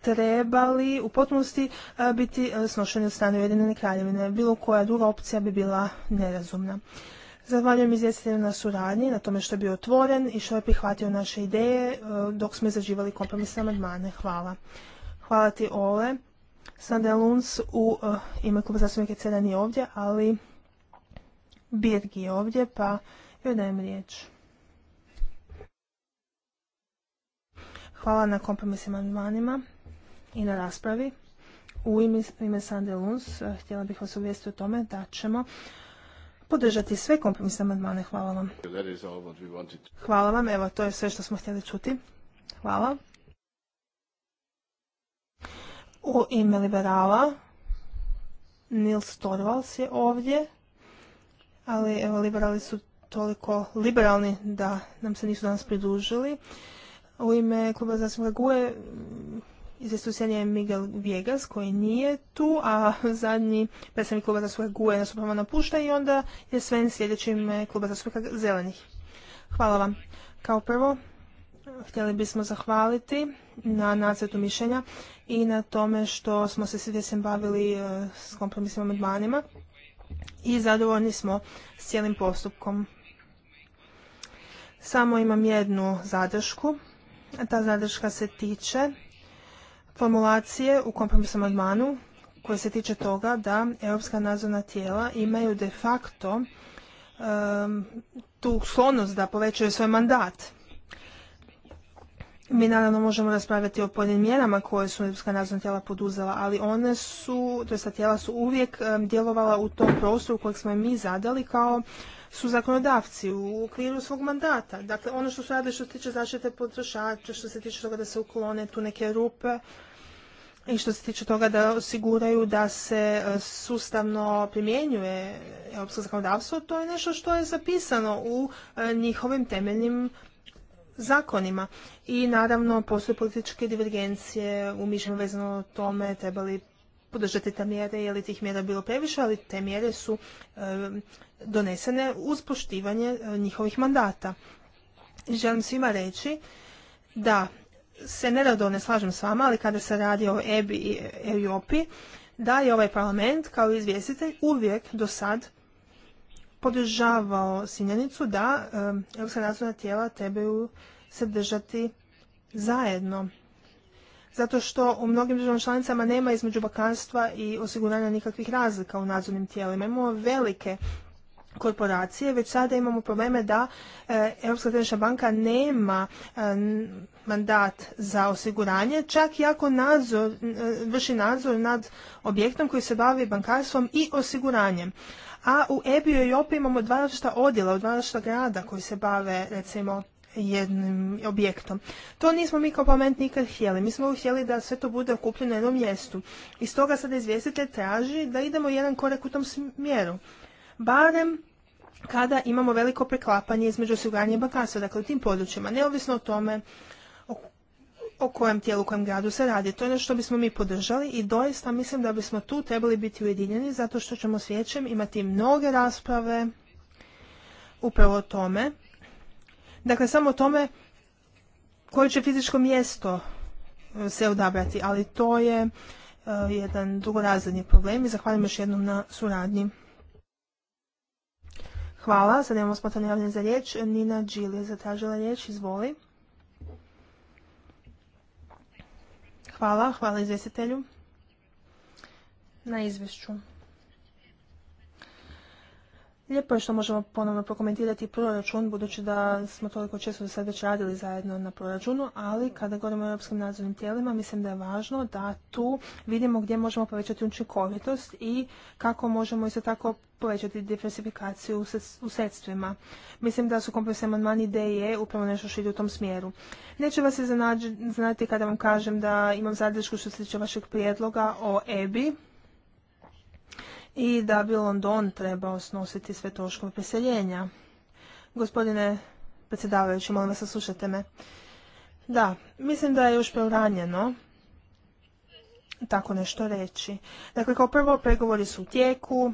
trebali u potpunosti e, biti e, snošeni od strane Ujedinjene kraljevine. Bilo koja druga opcija bi bila nerazumna. Zahvaljujem izvjestitelju na suradnji, na tome što je bio otvoren i što je prihvatio naše ideje e, dok smo izrađivali kompromisne amandmane. Hvala. Hvala ti Ole. Sandra Luns u e, ime kluba zastupnika Cera nije ovdje, ali Birgi je ovdje, pa joj dajem riječ. Hvala na kompromisima amandmanima i na raspravi. U ime, Sande Luns e, htjela bih vas uvijesti o tome da ćemo podržati sve kompromisne amandmane. Hvala vam. Hvala vam, evo to je sve što smo htjeli čuti. Hvala. U ime liberala Nils Torvalds je ovdje, ali evo liberali su toliko liberalni da nam se nisu danas pridužili. U ime kluba zastupnika GUE Izvjestujan je Miguel Viegas koji nije tu, a zadnji predstavnik kluba za svoje guje nas upravo napušta i onda je Sven sljedećim kluba za svoje zelenih. Hvala vam. Kao prvo, htjeli bismo zahvaliti na nacrtu mišljenja i na tome što smo se svi bavili e, s kompromisnim amandmanima i zadovoljni smo s cijelim postupkom. Samo imam jednu zadršku. Ta zadrška se tiče formulacije u kompromisnom amandmanu koje se tiče toga da europska nadzorna tijela imaju de facto tu sklonost da povećaju svoj mandat. Mi naravno možemo raspravljati o pojedinim mjerama koje su europska nadzorna tijela poduzela, ali one su, to tijela su uvijek djelovala u tom prostoru kojeg smo mi zadali kao su zakonodavci u okviru svog mandata. Dakle, ono što su radili što se tiče zaštite potrošača, što se tiče toga da se uklone tu neke rupe, i što se tiče toga da osiguraju da se e, sustavno primjenjuje europsko zakonodavstvo, to je nešto što je zapisano u e, njihovim temeljnim zakonima. I naravno postoje političke divergencije u mišljenju vezano o tome trebali podržati te mjere, je li tih mjera bilo previše, ali te mjere su donesene uz poštivanje e, njihovih mandata. Želim svima reći da se nerado ne slažem s vama, ali kada se radi o EBI i Europi, da je ovaj parlament kao izvjestitelj uvijek do sad podržavao sinjenicu da europska razvojna tijela trebaju se držati zajedno. Zato što u mnogim državama članicama nema između bankarstva i osiguranja nikakvih razlika u nadzornim tijelima. Imamo velike korporacije, već sada imamo probleme da e, Europska središnja banka nema e, mandat za osiguranje, čak i ako nadzor, e, vrši nadzor nad objektom koji se bavi bankarstvom i osiguranjem. A u EBI i OPI imamo dva odjela, dva različita grada koji se bave recimo jednim objektom. To nismo mi kao moment nikad htjeli. Mi smo htjeli da sve to bude okupljeno na jednom mjestu. I stoga sada izvjestitelj traži da idemo jedan korak u tom smjeru. Barem kada imamo veliko preklapanje između osiguranja i bankarstva, dakle u tim područjima, neovisno o tome o, kojem tijelu, u kojem gradu se radi. To je ono što bismo mi podržali i doista mislim da bismo tu trebali biti ujedinjeni zato što ćemo s imati mnoge rasprave upravo o tome Dakle, samo o tome koje će fizičko mjesto e, se odabrati, ali to je e, jedan drugorazredni problem i zahvaljujem još jednom na suradnji. Hvala, sad imamo spontane javljanje za riječ. Nina Đil je zatražila riječ, izvoli. Hvala, hvala izvjestitelju na izvješću. Lijepo je što možemo ponovno prokomentirati proračun, budući da smo toliko često do sad već radili zajedno na proračunu, ali kada govorimo o europskim nadzornim tijelima, mislim da je važno da tu vidimo gdje možemo povećati učinkovitost i kako možemo isto tako povećati diversifikaciju u sredstvima. Mislim da su kompromisni amandmani ideje, upravo nešto što ide u tom smjeru. Neće vas znati kada vam kažem da imam zadršku što se tiče vašeg prijedloga o EBI, i da bi London trebao snositi sve troškove preseljenja. Gospodine predsjedavajući, molim vas, saslušajte me. Da, mislim da je još preuranjeno tako nešto reći. Dakle, kao prvo, pregovori su u tijeku,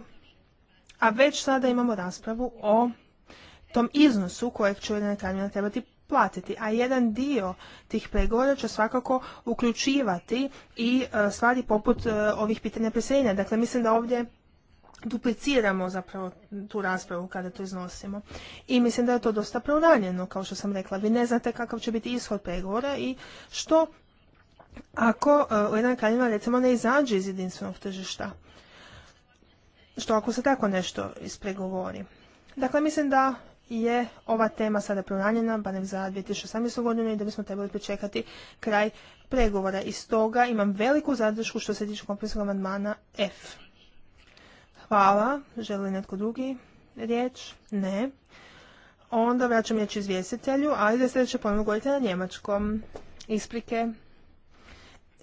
a već sada imamo raspravu o tom iznosu kojeg će Ujedinjena kraljevina trebati platiti, a jedan dio tih pregovora će svakako uključivati i e, stvari poput e, ovih pitanja preseljenja. Dakle, mislim da ovdje dupliciramo zapravo tu raspravu kada to iznosimo. I mislim da je to dosta preuranjeno, kao što sam rekla. Vi ne znate kakav će biti ishod pregovora i što ako e, u jedan kraljima recimo ne izađe iz jedinstvenog tržišta. Što ako se tako nešto ispregovori. Dakle, mislim da je ova tema sada preuranjena, barem za 2018. godinu i da bismo trebali pričekati kraj pregovora. I stoga imam veliku zadršku što se tiče kompresnog amandmana F. Hvala. Želi li netko drugi riječ? Ne. Onda vraćam riječ izvjestitelju, ali za sljedeće ponovno govorite na njemačkom. Isprike.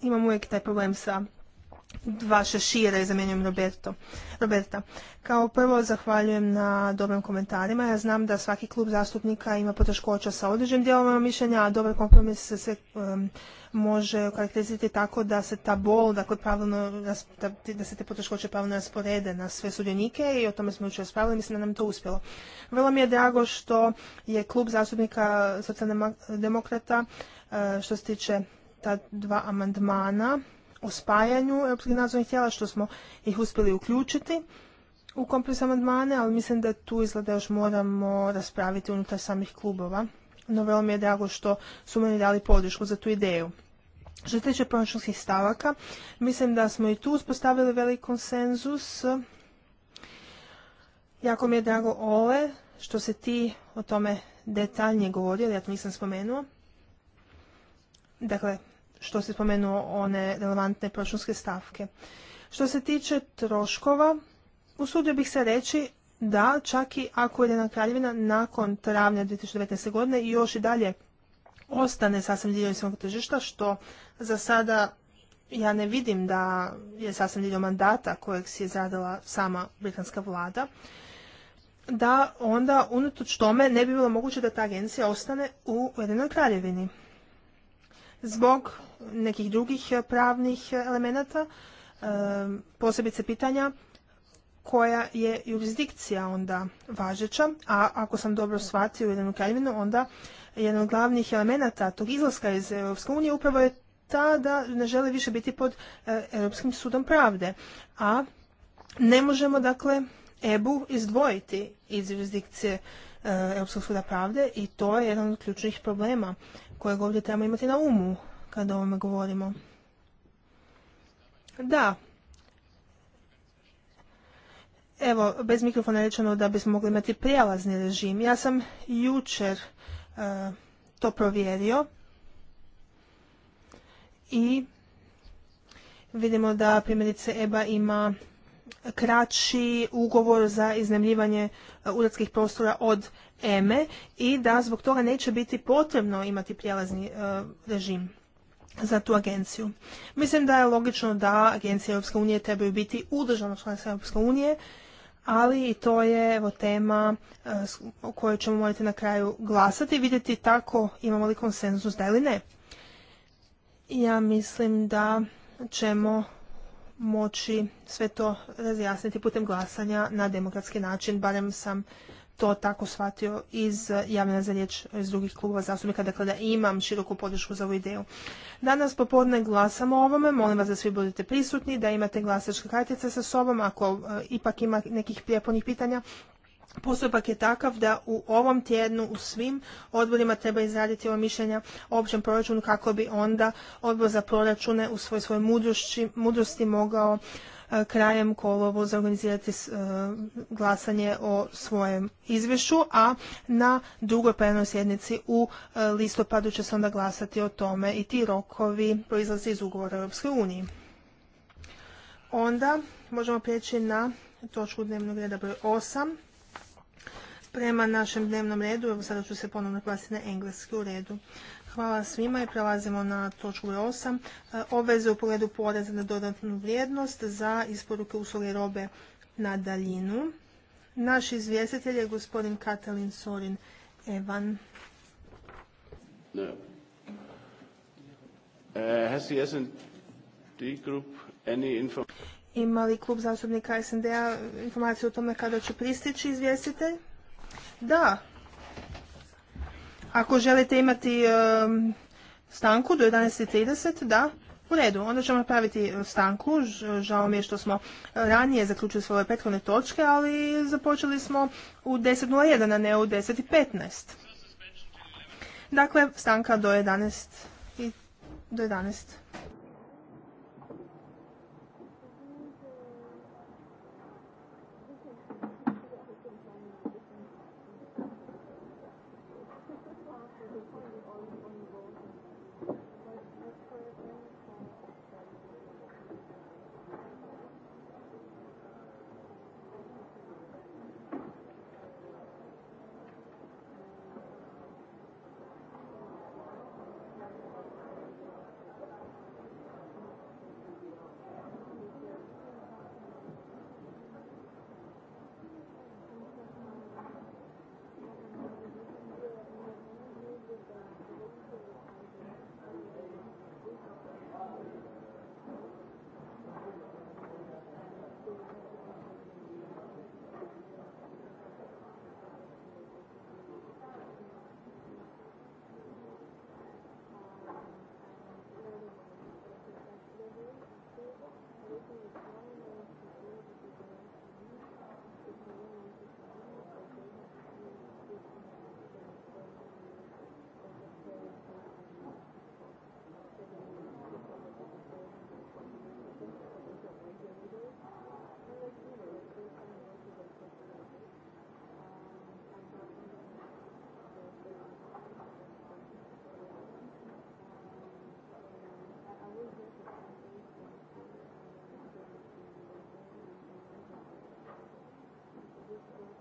Imam uvijek taj problem sa dva šešira i zamjenjujem Roberto. Roberta. Kao prvo zahvaljujem na dobrim komentarima. Ja znam da svaki klub zastupnika ima poteškoća sa određenim dijelovima mišljenja, a dobar kompromis se sve može karakterizirati tako da se ta bol, dakle pravilno, da se te poteškoće pravilno rasporede na sve sudionike i o tome smo jučer spravili, mislim da nam to uspjelo. Vrlo mi je drago što je klub zastupnika demokrata e, što se tiče ta dva amandmana o spajanju europskih nadzornih tijela, što smo ih uspjeli uključiti u kompleks amandmane, ali mislim da tu izgleda još moramo raspraviti unutar samih klubova. No, veoma mi je drago što su meni dali podršku za tu ideju. Što se tiče proračunskih stavaka, mislim da smo i tu uspostavili velik konsenzus. Jako mi je drago Ole, što se ti o tome detaljnije govorio, ja to nisam spomenuo. Dakle, što se spomenuo one relevantne proračunske stavke. Što se tiče troškova, usudio bih se reći da čak i ako Ujedina kraljevina nakon travnja 2019. godine i još i dalje ostane sasvim dio svog tržišta, što za sada ja ne vidim da je sasvim dio mandata kojeg si je zadala sama britanska vlada, da onda unatoč tome ne bi bilo moguće da ta agencija ostane u Ujedinoj kraljevini. Zbog nekih drugih e, pravnih elemenata, e, posebice pitanja koja je jurisdikcija onda važeća, a ako sam dobro shvatio jednu kraljevinu, onda jedan od glavnih elemenata tog izlaska iz Europske unije upravo je ta da ne žele više biti pod e, Europskim sudom pravde. A ne možemo dakle EBU izdvojiti iz jurisdikcije Europskog suda pravde i to je jedan od ključnih problema kojeg ovdje trebamo imati na umu kada o ovome govorimo. Da. Evo, bez mikrofona rečeno da bismo mogli imati prijelazni režim. Ja sam jučer e, to provjerio i vidimo da primjerice EBA ima kraći ugovor za iznajmljivanje e, uredskih prostora od EME e i da zbog toga neće biti potrebno imati prijelazni režim za tu agenciju. Mislim da je logično da agencije Europske unije trebaju biti u državnom članstvu Europske unije, ali i to je evo, tema e, o kojoj ćemo morati na kraju glasati i vidjeti tako imamo li konsenzus da ili ne. Ja mislim da ćemo moći sve to razjasniti putem glasanja na demokratski način, barem sam to tako shvatio iz eh, javljena za riječ eh, iz drugih klubova zastupnika, dakle da imam široku podršku za ovu ideju. Danas popodne glasamo o ovome, molim vas da svi budete prisutni, da imate glasačke kartice sa sobom, ako eh, ipak ima nekih prijepornih pitanja, Postupak je takav da u ovom tjednu u svim odborima treba izraditi ovo mišljenja o općem proračunu kako bi onda odbor za proračune u svoj svojoj mudrosti mogao E, krajem kolovo organizirati e, glasanje o svojem izvješću, a na drugoj plenarnoj sjednici u e, listopadu će se onda glasati o tome i ti rokovi proizlaze iz ugovora Europske unije. Onda možemo prijeći na točku dnevnog reda broj 8. Prema našem dnevnom redu, evo sada ću se ponovno glasiti na engleski u redu. Hvala svima i prelazimo na točku 8. E, obveze u pogledu poreza na dodatnu vrijednost za isporuke usluge robe na daljinu. Naš izvjestitelj je gospodin Katalin Sorin Evan. E, Ima li klub zastupnika SND-a informaciju o tome kada će pristići izvjestitelj? Da, ako želite imati stanku do 11.30, da, u redu, onda ćemo napraviti e, stanku. Žao mi je što smo e, ranije zaključili svoje prethodne točke, ali započeli smo u 10.01, a ne u 10.15. Dakle, stanka do 11.00.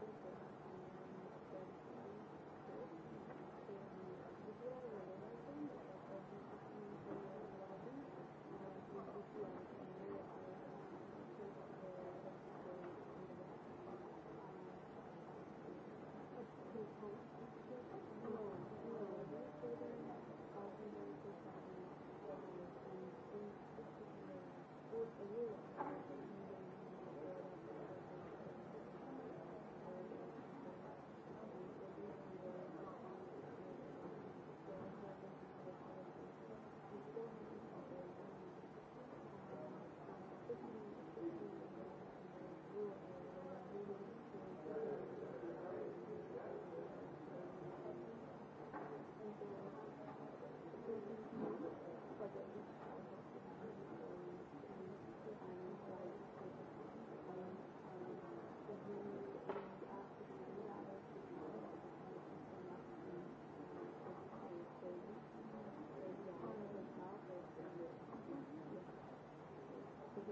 o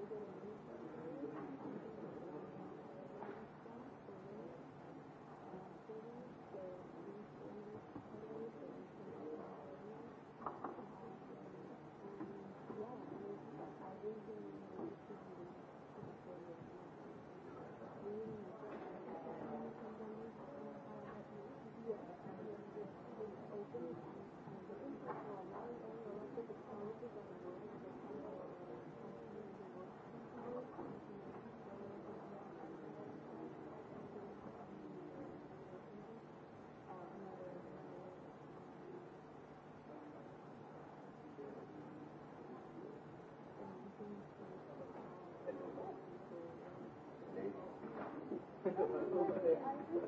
Hvala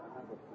Hvala.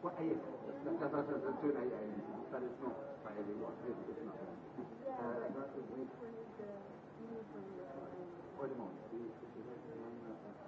What is? That's, that's, that's, that's, that's, But is not It's not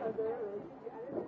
Also,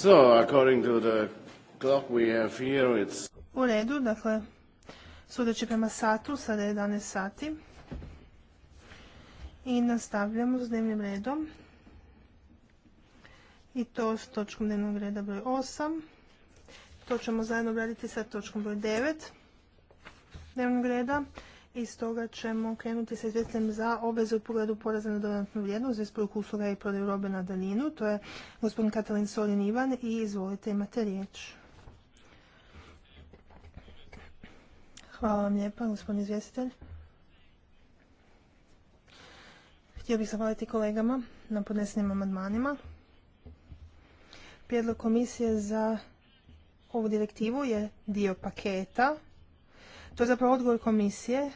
So, according to the clock we have here, it's... U redu, dakle, sudeći prema satu, sada je 11 sati. I nastavljamo s dnevnim redom. I to s točkom dnevnog reda broj 8. To ćemo zajedno obraditi sa točkom broj 9 dnevnog reda i stoga ćemo krenuti sa izvjetljem za obvezu u pogledu poreza na dodatnu vrijednost za isporuku usluga i prodaju robe na daljinu. To je gospodin Katalin Solin Ivan i izvolite imate riječ. Hvala vam lijepa, gospodin izvjestitelj. Htio bih zahvaliti kolegama na podnesenim amandmanima. Prijedlog komisije za ovu direktivu je dio paketa. To je zapravo odgovor komisije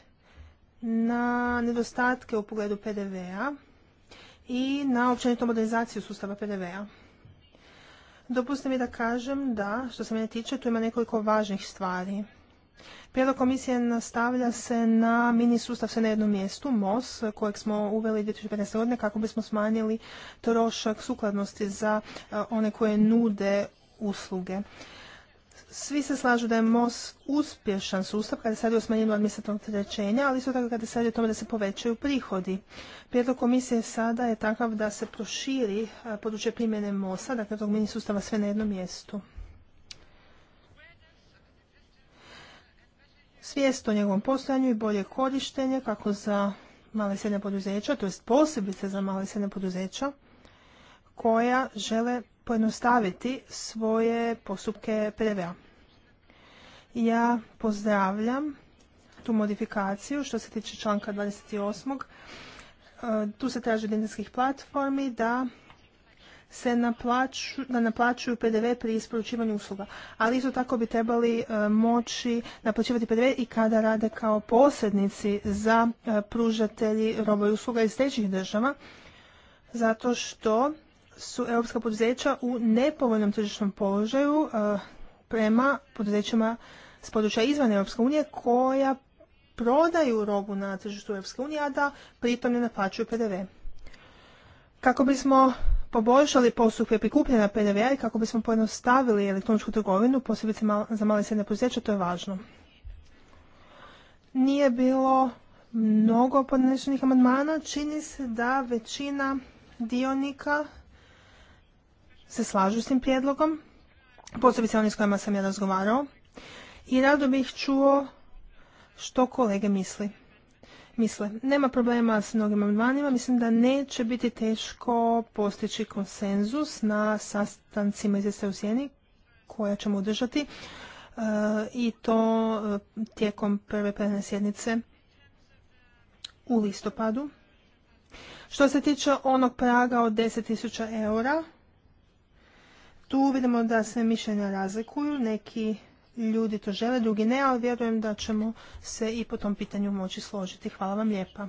na nedostatke u pogledu PDV-a i na općenito modernizaciju sustava PDV-a. Dopustite mi da kažem da, što se mene tiče, tu ima nekoliko važnih stvari. Prijedlog komisije nastavlja se na mini sustav se na jednom mjestu, MOS, kojeg smo uveli 2015. godine kako bismo smanjili trošak sukladnosti za e, one koje nude usluge svi se slažu da je MOS uspješan sustav kada se radi o smanjenju administrativnog trećenja, ali isto tako kada se radi o tome da se povećaju prihodi. Prijedlog komisije sada je takav da se proširi područje primjene MOS-a, dakle tog mini sustava sve na jednom mjestu. Svijest o njegovom postojanju i bolje korištenje kako za male i poduzeća, to jest posebice za male i poduzeća, koja žele pojednostaviti svoje postupke pdv ja pozdravljam tu modifikaciju što se tiče članka 28. E, tu se traži od platformi da se naplaćuju PDV pri isporučivanju usluga. Ali isto tako bi trebali e, moći naplaćivati PDV i kada rade kao posrednici za e, pružatelji roba i usluga iz trećih država, zato što su europska poduzeća u nepovoljnom tržišnom položaju prema poduzećima s područja izvan Europske unije koja prodaju robu na tržištu Europske unije, a da pritom ne naplaćuju PDV. Kako bismo poboljšali postupke prikupljena PDV-a i kako bismo pojednostavili elektroničku trgovinu, posebice za male i srednje poduzeća, to je važno. Nije bilo mnogo podnešenih amandmana, čini se da većina dionika se slažu s tim prijedlogom, posebice oni s kojima sam ja razgovarao i rado bih čuo što kolege misli. Misle, nema problema s mnogim amandmanima, mislim da neće biti teško postići konsenzus na sastancima iz u sjeni koja ćemo održati e, i to e, tijekom prve plenarne sjednice u listopadu. Što se tiče onog praga od 10.000 eura, tu vidimo da se mišljenja razlikuju. Neki ljudi to žele, drugi ne, ali vjerujem da ćemo se i po tom pitanju moći složiti. Hvala vam lijepa.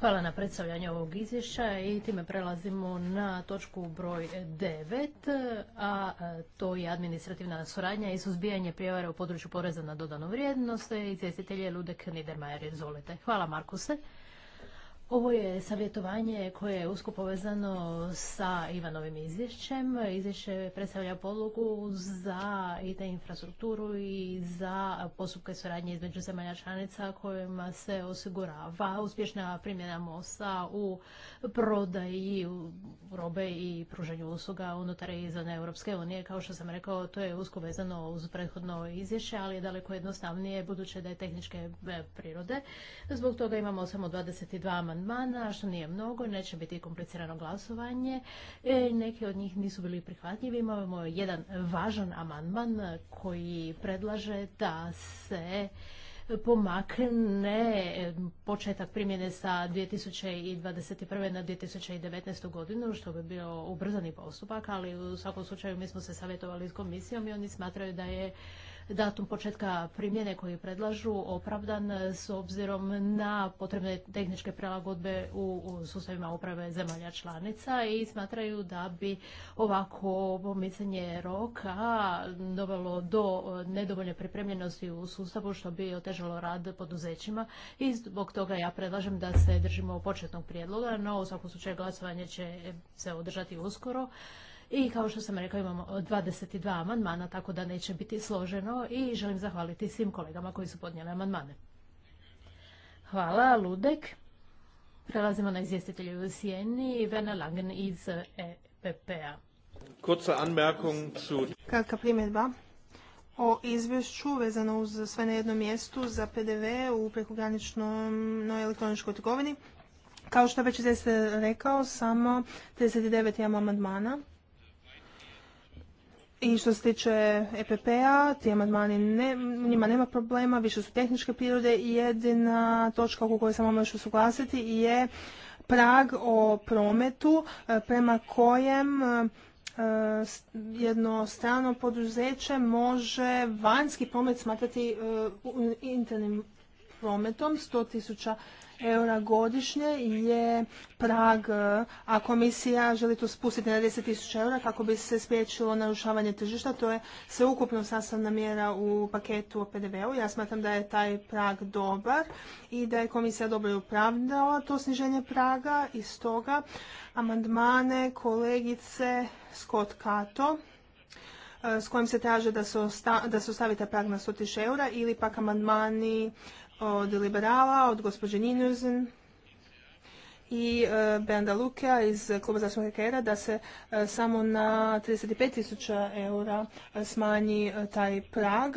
Hvala na predstavljanju ovog izvješća i time prelazimo na točku broj 9, a to je administrativna suradnja i suzbijanje prijevara u području poreza na dodanu vrijednost. Izvjestitelj je Ludek Niedermayer, izvolite. Hvala Markuse. Ovo je savjetovanje koje je usko povezano sa Ivanovim izvješćem. Izvješće predstavlja podlogu za IT infrastrukturu i za postupke suradnje između zemalja članica kojima se osigurava uspješna primjena mosta u prodaji robe i pružanju usluga unutar i izvan Europske unije. Kao što sam rekao, to je usko vezano uz prethodno izvješće, ali je daleko jednostavnije buduće da je tehničke prirode. Zbog toga imamo samo 22 amandmana amandmana, što nije mnogo, neće biti komplicirano glasovanje. E, neki od njih nisu bili prihvatljivi. Imamo jedan važan amandman koji predlaže da se pomakne početak primjene sa 2021. na 2019. godinu, što bi bio ubrzani postupak, ali u svakom slučaju mi smo se savjetovali s komisijom i oni smatraju da je datum početka primjene koji predlažu opravdan s obzirom na potrebne tehničke prilagodbe u sustavima uprave zemalja članica i smatraju da bi ovako pomicanje roka dovelo do e, nedovoljne pripremljenosti u sustavu što bi otežalo rad poduzećima i zbog toga ja predlažem da se držimo početnog prijedloga, no u svakom slučaju glasovanje će se održati uskoro. I kao što sam rekao imamo 22 amandmana, tako da neće biti složeno i želim zahvaliti svim kolegama koji su podnijeli amandmane. Hvala, Ludek. Prelazimo na izvjestitelju u Sijeni, Vena Langen iz EPP-a. Kratka primjedba o izvješću vezano uz sve na jednom mjestu za PDV u prekograničnoj elektroničkoj trgovini. Kao što već se rekao, samo 39 imamo amandmana i što se tiče EPP-a, ti amandmani ne, njima nema problema, više su tehničke prirode i jedina točka oko koju samo još usuglasiti je prag o prometu e, prema kojem e, e, jedno strano poduzeće može vanjski promet smatrati internim prometom 100 tisuća eura godišnje je prag, e, a komisija želi to spustiti na 10.000 tisuća eura kako bi se spriječilo narušavanje tržišta. To je sveukupno sastavna mjera u paketu o PDV-u. Ja smatram da je taj prag dobar i da je komisija dobro upravdala to sniženje praga i stoga amandmane kolegice Scott Kato e, s kojim se traže da se, ostavite prag na 100.000 eura ili pak amandmani od liberala, od gospođe Ninozen i e, Benda Lukea iz kluba zastupnika hekera da se e, samo na 35 tisuća eura e, smanji taj prag.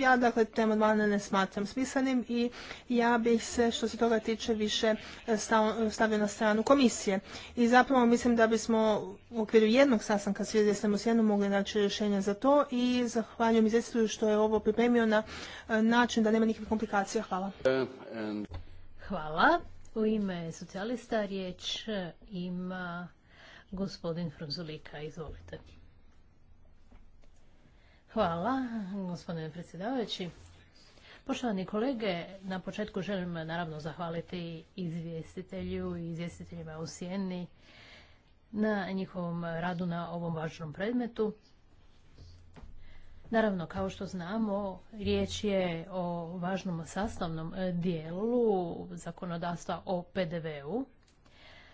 Ja dakle te amandmane ne smatram smisanim i ja bih se što se toga tiče više stavio na stranu komisije. I zapravo mislim da bismo u okviru jednog sastanka s izvjesnom u mogli naći rješenje za to i zahvaljujem izvjestitelju što je ovo pripremio na način da nema nikakvih komplikacija. Hvala. Hvala. U ime socijalista riječ ima gospodin Frunzulika. Izvolite. Hvala, gospodine predsjedavajući. Poštovani kolege, na početku želim naravno zahvaliti izvjestitelju i izvjestiteljima u Sijeni na njihovom radu na ovom važnom predmetu. Naravno, kao što znamo, riječ je o važnom sastavnom e, dijelu zakonodavstva o PDV-u.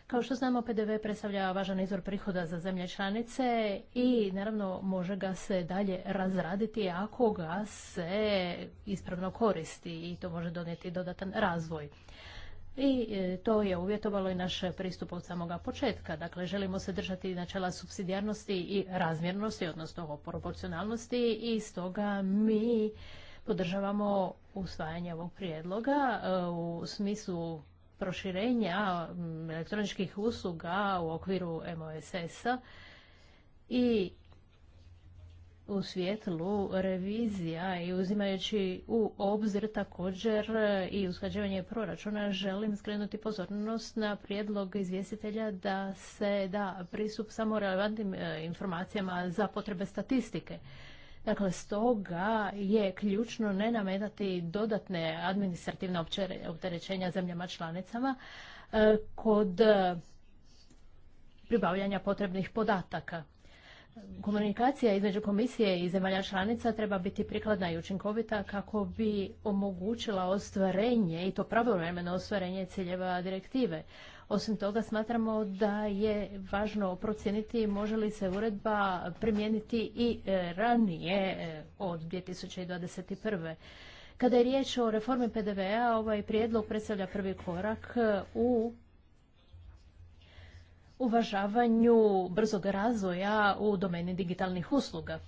Kao što znamo, PDV predstavlja važan izvor prihoda za zemlje članice i naravno može ga se dalje razraditi ako ga se ispravno koristi i to može donijeti dodatan razvoj i e, to je uvjetovalo i naš pristup od samoga početka. Dakle, želimo se držati načela subsidijarnosti i razmjernosti, odnosno proporcionalnosti i stoga mi podržavamo usvajanje ovog prijedloga e, u smislu proširenja elektroničkih usluga u okviru MOSS-a i u svjetlu revizija i uzimajući u obzir također e, i usklađivanje proračuna, želim skrenuti pozornost na prijedlog izvjestitelja da se da pristup samo relevantnim e, informacijama za potrebe statistike. Dakle, stoga je ključno ne nametati dodatne administrativne opterećenja zemljama članicama e, kod pribavljanja potrebnih podataka. Komunikacija između komisije i zemalja članica treba biti prikladna i učinkovita kako bi omogućila ostvarenje i to pravovremeno ostvarenje ciljeva direktive. Osim toga smatramo da je važno procijeniti može li se uredba primijeniti i e, ranije e, od 2021. Kada je riječ o reformi PDV-a, ovaj prijedlog predstavlja prvi korak u uvažavanju brzog razvoja u domeni digitalnih usluga.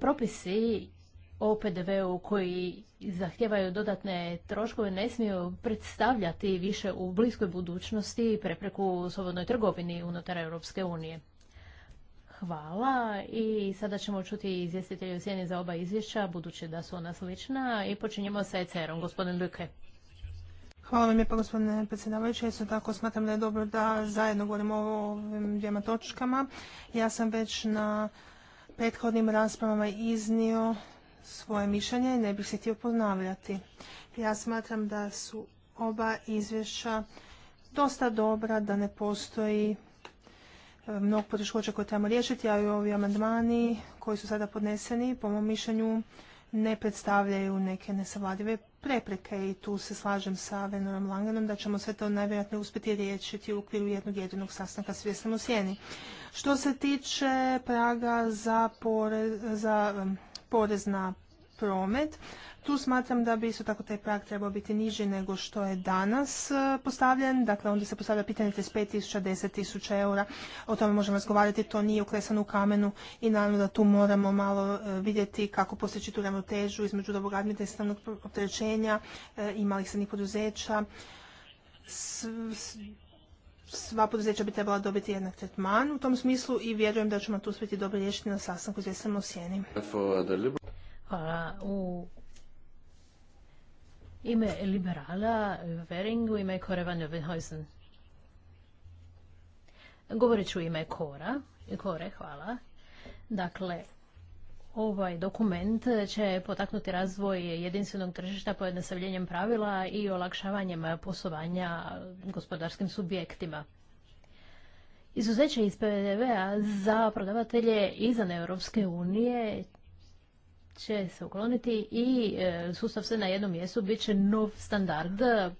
Propisi o PDV-u koji zahtijevaju dodatne troškove ne smiju predstavljati više u bliskoj budućnosti prepreku slobodnoj trgovini unutar Europske unije. Hvala i sada ćemo čuti izvjestitelju u sjeni za oba izvješća, budući da su ona slična i počinjemo sa ECR-om, gospodin Luke. Hvala vam lijepa gospodine predsjedavajući. Isto tako smatram da je dobro da zajedno govorimo o ovim dvijema točkama. Ja sam već na prethodnim raspravama iznio svoje mišljenje i ne bih se htio ponavljati. Ja smatram da su oba izvješća dosta dobra, da ne postoji mnogo poteškoća koje trebamo riješiti, a i ovi amandmani koji su sada podneseni, po mom mišljenju, ne predstavljaju neke nesavladive prepreke i tu se slažem sa Venorom Langanom da ćemo sve to najvjerojatnije uspjeti riješiti u okviru jednog jedinog sastanka svjesnom u sjeni. Što se tiče praga za za um, porez na promet. Tu smatram da bi isto tako taj prag trebao biti niži nego što je danas e, postavljen. Dakle, onda se postavlja pitanje 35.000, 10.000 eura. O tome možemo razgovarati, to nije uklesano u kamenu i naravno da tu moramo malo e, vidjeti kako postići tu ravnotežu između dobog administrativnog opterećenja e, i malih srednjih poduzeća. sva poduzeća bi trebala dobiti jednak tretman u tom smislu i vjerujem da ćemo tu uspjeti dobro riješiti na sastanku o sjenim. Sjeni. Hvala. U ime liberala Vering, u ime Kore van Govorit ću ime Kora. Kore, hvala. Dakle, ovaj dokument će potaknuti razvoj jedinstvenog tržišta pojednostavljenjem pravila i olakšavanjem poslovanja gospodarskim subjektima. Izuzeće iz PDV-a za prodavatelje izvan Europske unije će se ukloniti i e, sustav se na jednom mjestu bit će nov standard. E,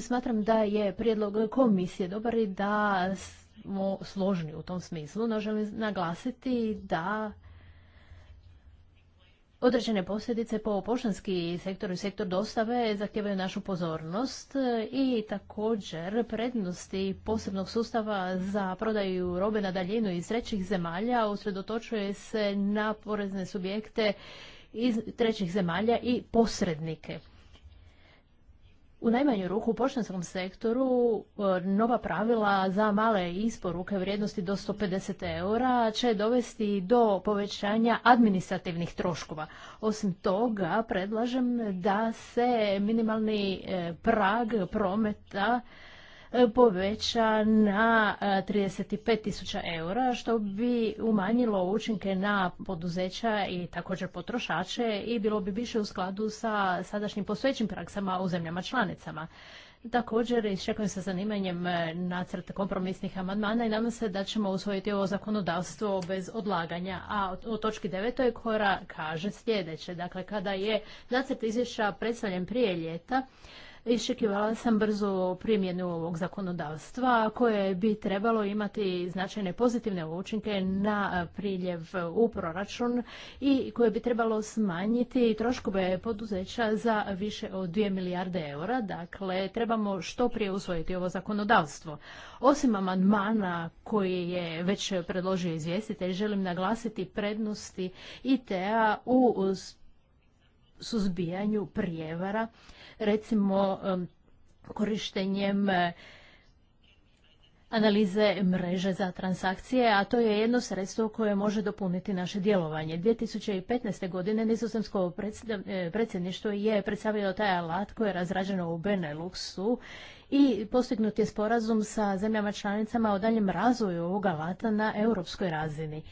smatram da je prijedlog komisije dobar i da smo složni u tom smislu, no naglasiti da Određene posljedice po poštanski sektor i sektor dostave zahtijevaju našu pozornost i također prednosti posebnog sustava za prodaju robe na daljinu iz trećih zemalja usredotočuje se na porezne subjekte iz trećih zemalja i posrednike u najmanju ruku u poštanskom sektoru e, nova pravila za male isporuke vrijednosti do 150 eura će dovesti do povećanja administrativnih troškova. Osim toga, predlažem da se minimalni e, prag prometa E, poveća na 35 e, tisuća eura, što bi umanjilo učinke na poduzeća i također potrošače i bilo bi više u skladu sa sadašnjim postojećim praksama u zemljama članicama. Također, iščekujem sa zanimanjem e, nacrt kompromisnih amandmana i nadam se da ćemo usvojiti ovo zakonodavstvo bez odlaganja. A u točki devetoj kora kaže sljedeće. Dakle, kada je nacrt izvješća predstavljen prije ljeta, Iščekivala sam brzo primjenu ovog zakonodavstva koje bi trebalo imati značajne pozitivne učinke na priljev u proračun i koje bi trebalo smanjiti troškove poduzeća za više od 2 milijarde eura. Dakle, trebamo što prije usvojiti ovo zakonodavstvo. Osim amandmana koji je već predložio izvjestitelj, želim naglasiti prednosti ITA a u suzbijanju prijevara, recimo korištenjem eh, analize mreže za transakcije, a to je jedno sredstvo koje može dopuniti naše djelovanje. 2015. godine nizozemsko eh, predsjedništvo je predstavilo taj alat koji je razrađeno u Beneluxu i postignut je sporazum sa zemljama članicama o daljem razvoju ovog alata na europskoj razini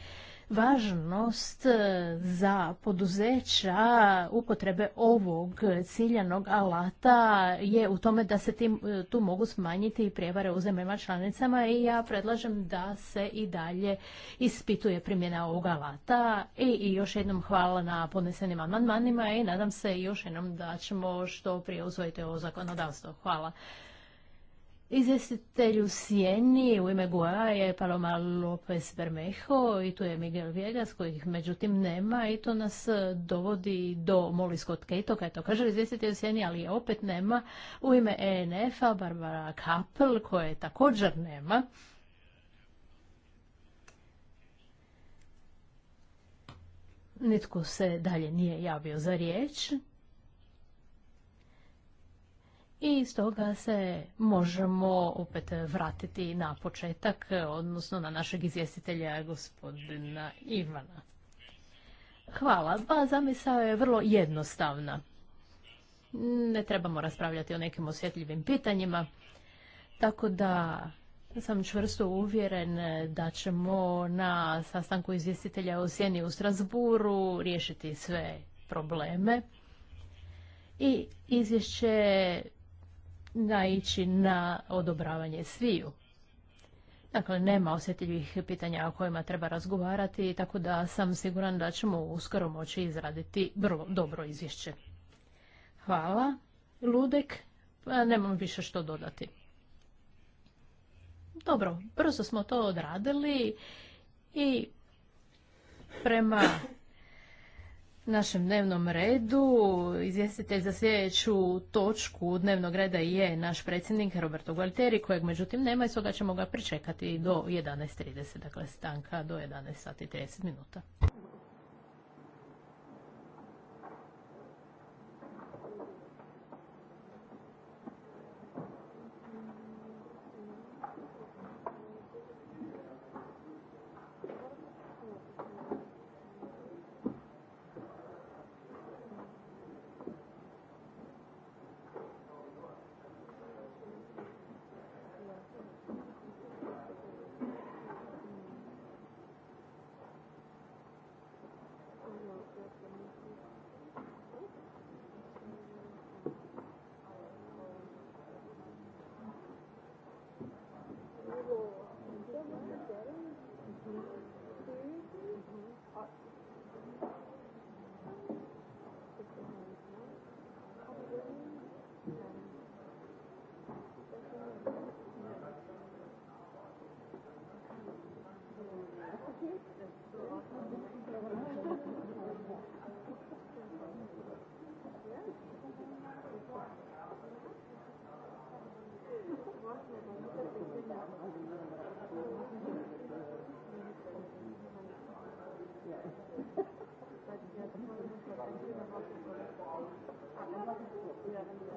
važnost e, za poduzeća upotrebe ovog ciljanog alata je u tome da se tim, e, tu mogu smanjiti i prijevare u zemljama članicama i ja predlažem da se i dalje ispituje primjena ovog alata. I, e, i još jednom hvala na podnesenim amandmanima i nadam se još jednom da ćemo što prije usvojiti ovo zakonodavstvo. Hvala. Izvjestitelj u Sijeni u ime Gua je Paloma Lopez Bermejo i tu je Miguel Viegas kojih međutim nema i to nas e, dovodi do Molly Scott Cato, kaj to kaže izvjestitelj u Sijeni, ali je opet nema. U ime ENF-a Barbara Kappel koje također nema. Nitko se dalje nije javio za riječ. I stoga se možemo opet vratiti na početak, odnosno na našeg izvjestitelja gospodina Ivana. Hvala. Pa zamisao je vrlo jednostavna. Ne trebamo raspravljati o nekim osjetljivim pitanjima, tako da sam čvrsto uvjeren da ćemo na sastanku izvjestitelja o Sjeni u Strasburu riješiti sve probleme. I izvješće naići na odobravanje sviju. Dakle, nema osjetljivih pitanja o kojima treba razgovarati, tako da sam siguran da ćemo uskoro moći izraditi vrlo dobro izvješće. Hvala. Ludek, pa nemam više što dodati. Dobro, brzo smo to odradili i prema našem dnevnom redu. Izvjestitelj za sljedeću točku dnevnog reda je naš predsjednik Roberto Gualteri, kojeg međutim nema i stoga ćemo ga pričekati do 11.30, dakle stanka do 11.30 minuta. Hvala *laughs*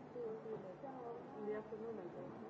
to the,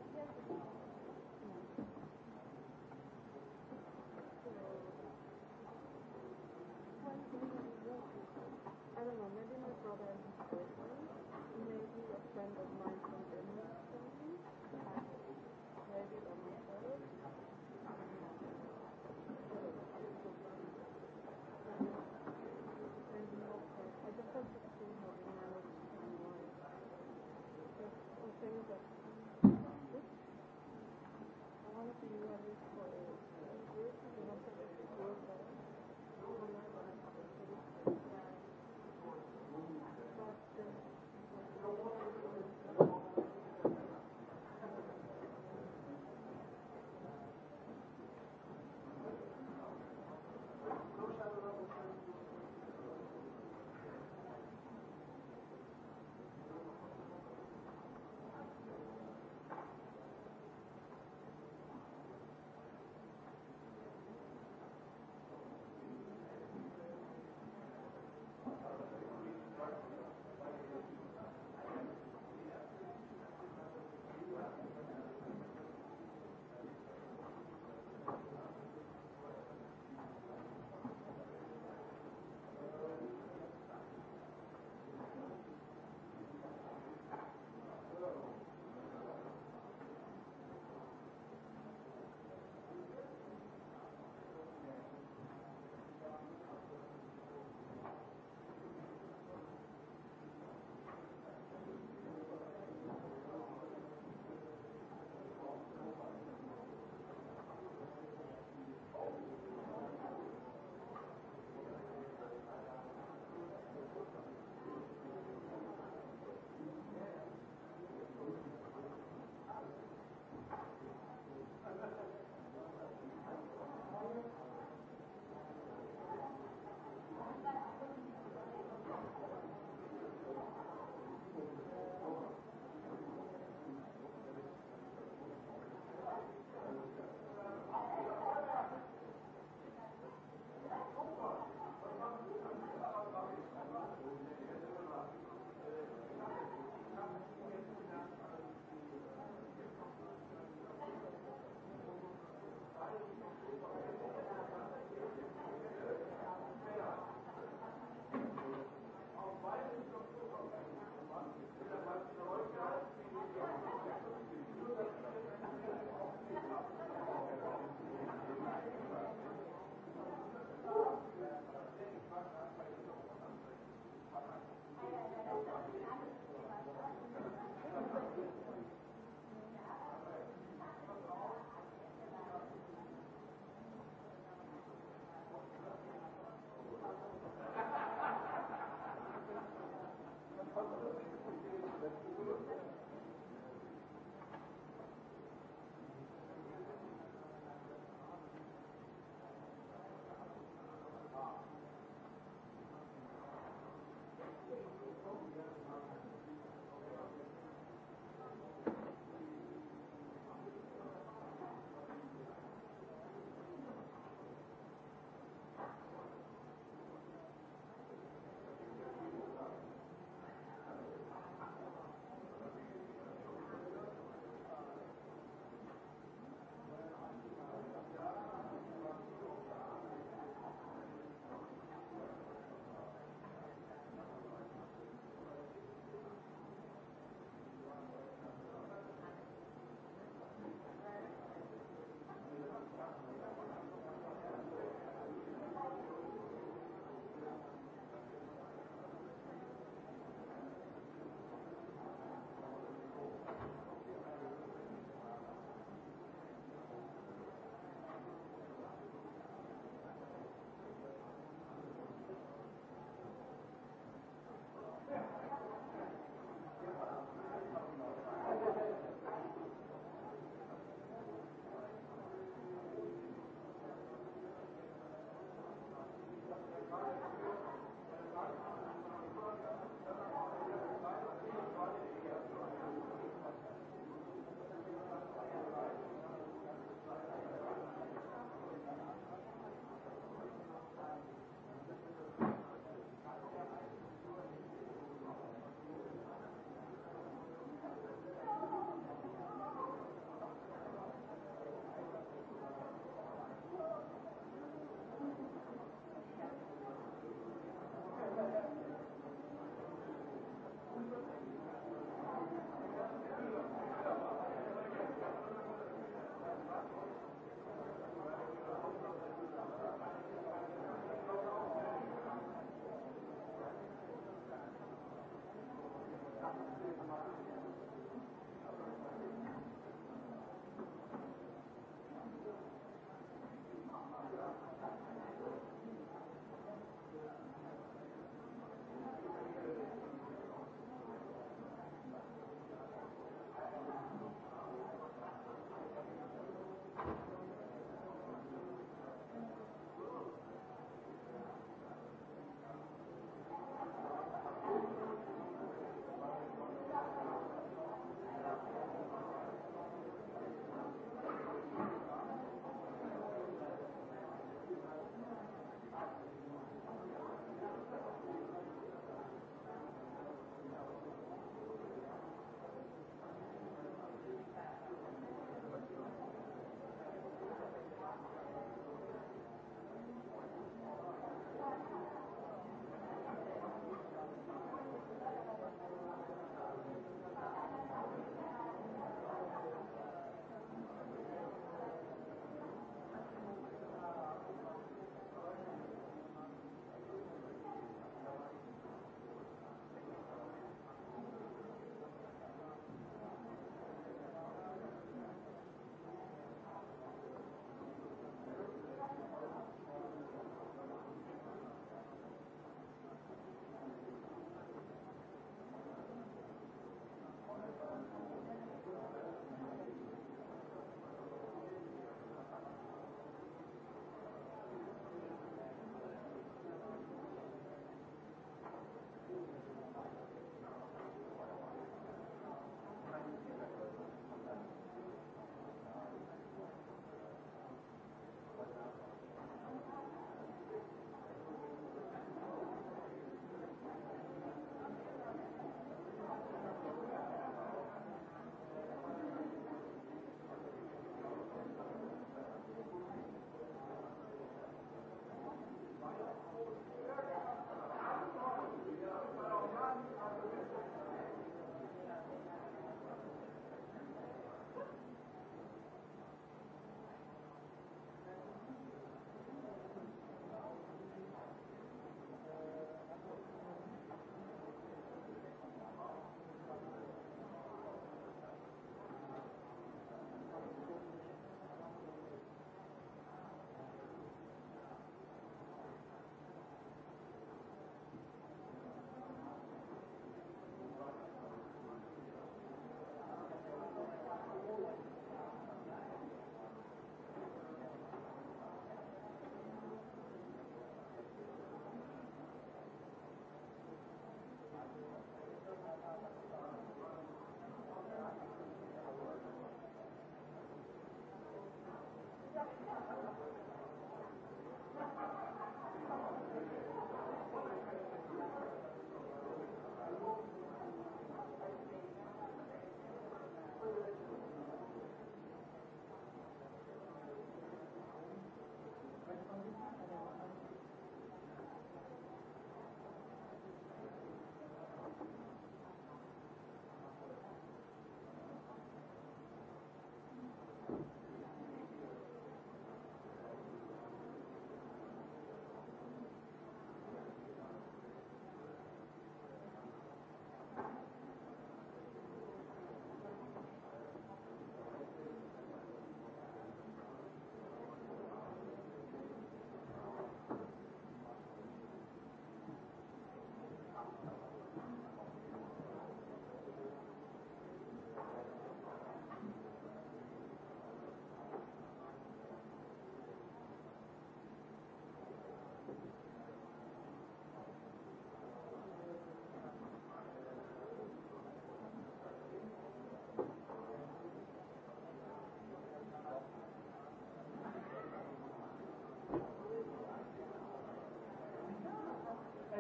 Hvala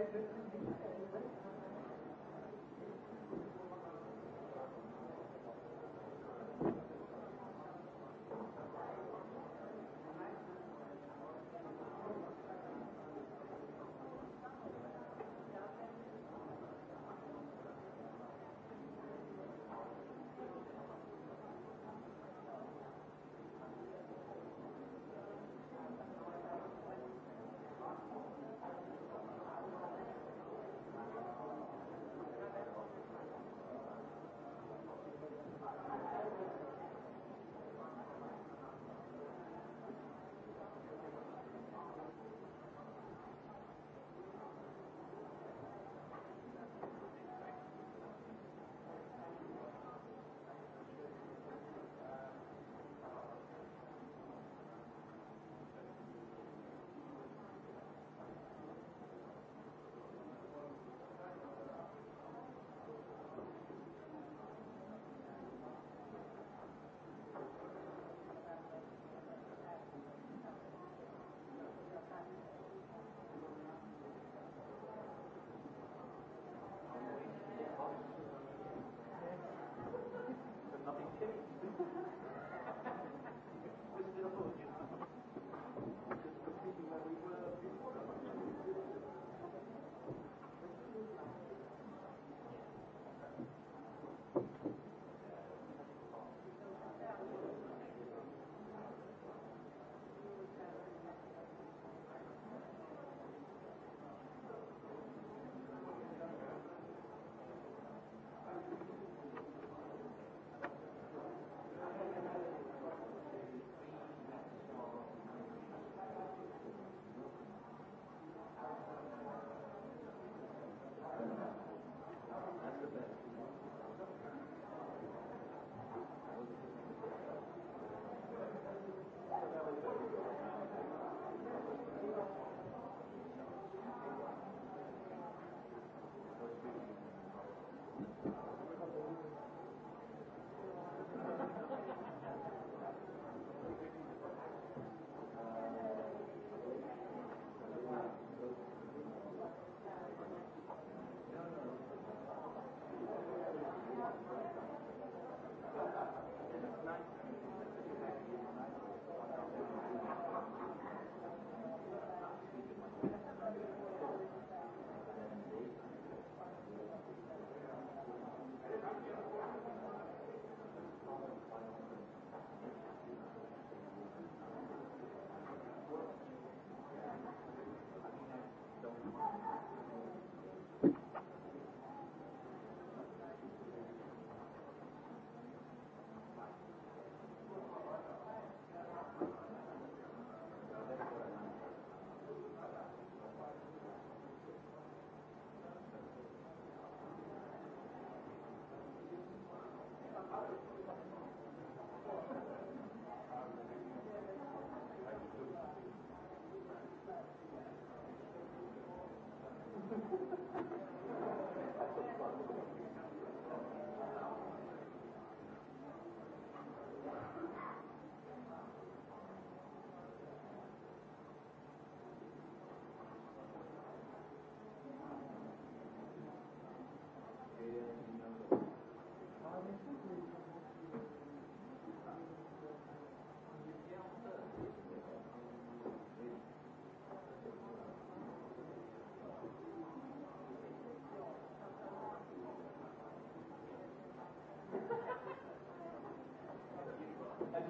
Hvala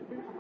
Hvala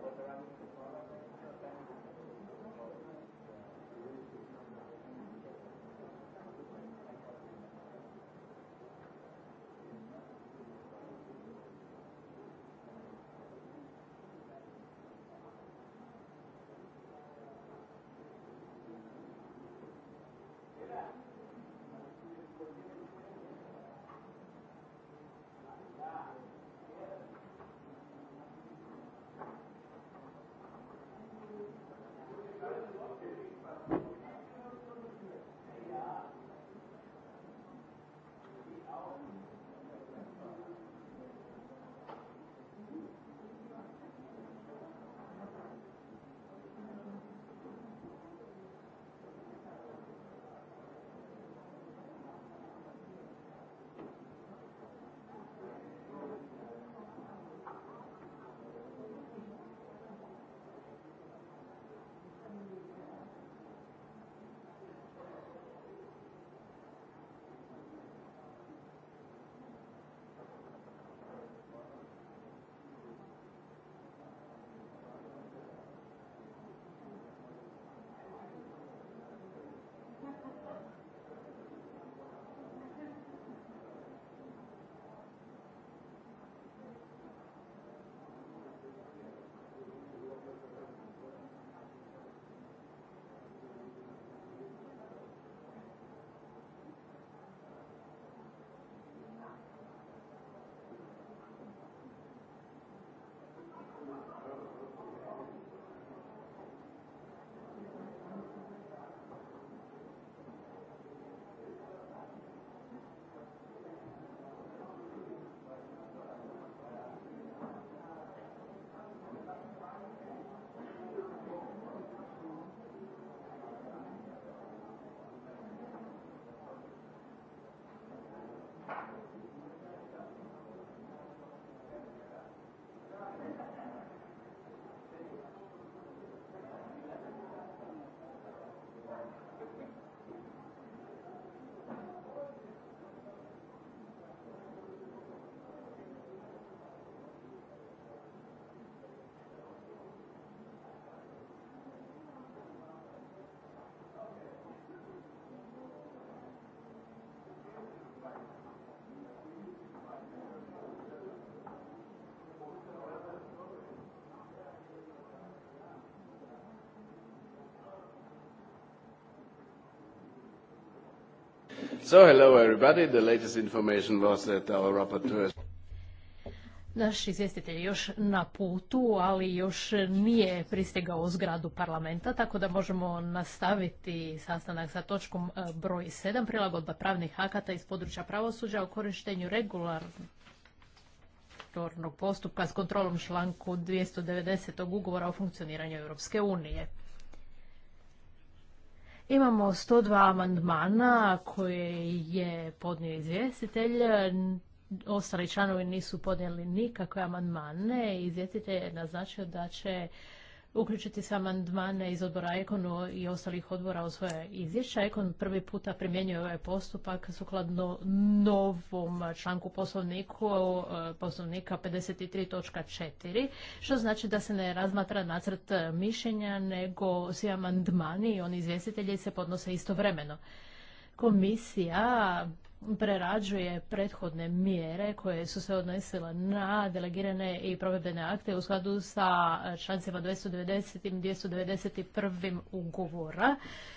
Hvala hello everybody. The latest Naš izvjestitelj je još na putu, ali još nije pristigao u zgradu parlamenta, tako da možemo nastaviti sastanak sa točkom e, broj 7, prilagodba pravnih akata iz područja pravosuđa o korištenju regularnog postupka s kontrolom članku 290. ugovora o funkcioniranju Europske unije. Imamo 102 amandmana koje je podnio izvjestitelj. Ostali članovi nisu podnijeli nikakve amandmane. Izvjestitelj je naznačio da će uključiti se amandmane iz odbora Ekonu i ostalih odbora u svoje izvješća. Ekon prvi puta primjenjuje ovaj postupak sukladno novom članku poslovniku, e, poslovnika 53.4, što znači da se ne razmatra nacrt mišljenja, nego svi amandmani i oni izvjestitelji se podnose istovremeno. Komisija prerađuje prethodne mjere koje su se odnosile na delegirane i provedbene akte u skladu sa člancima 290. i 291. ugovora.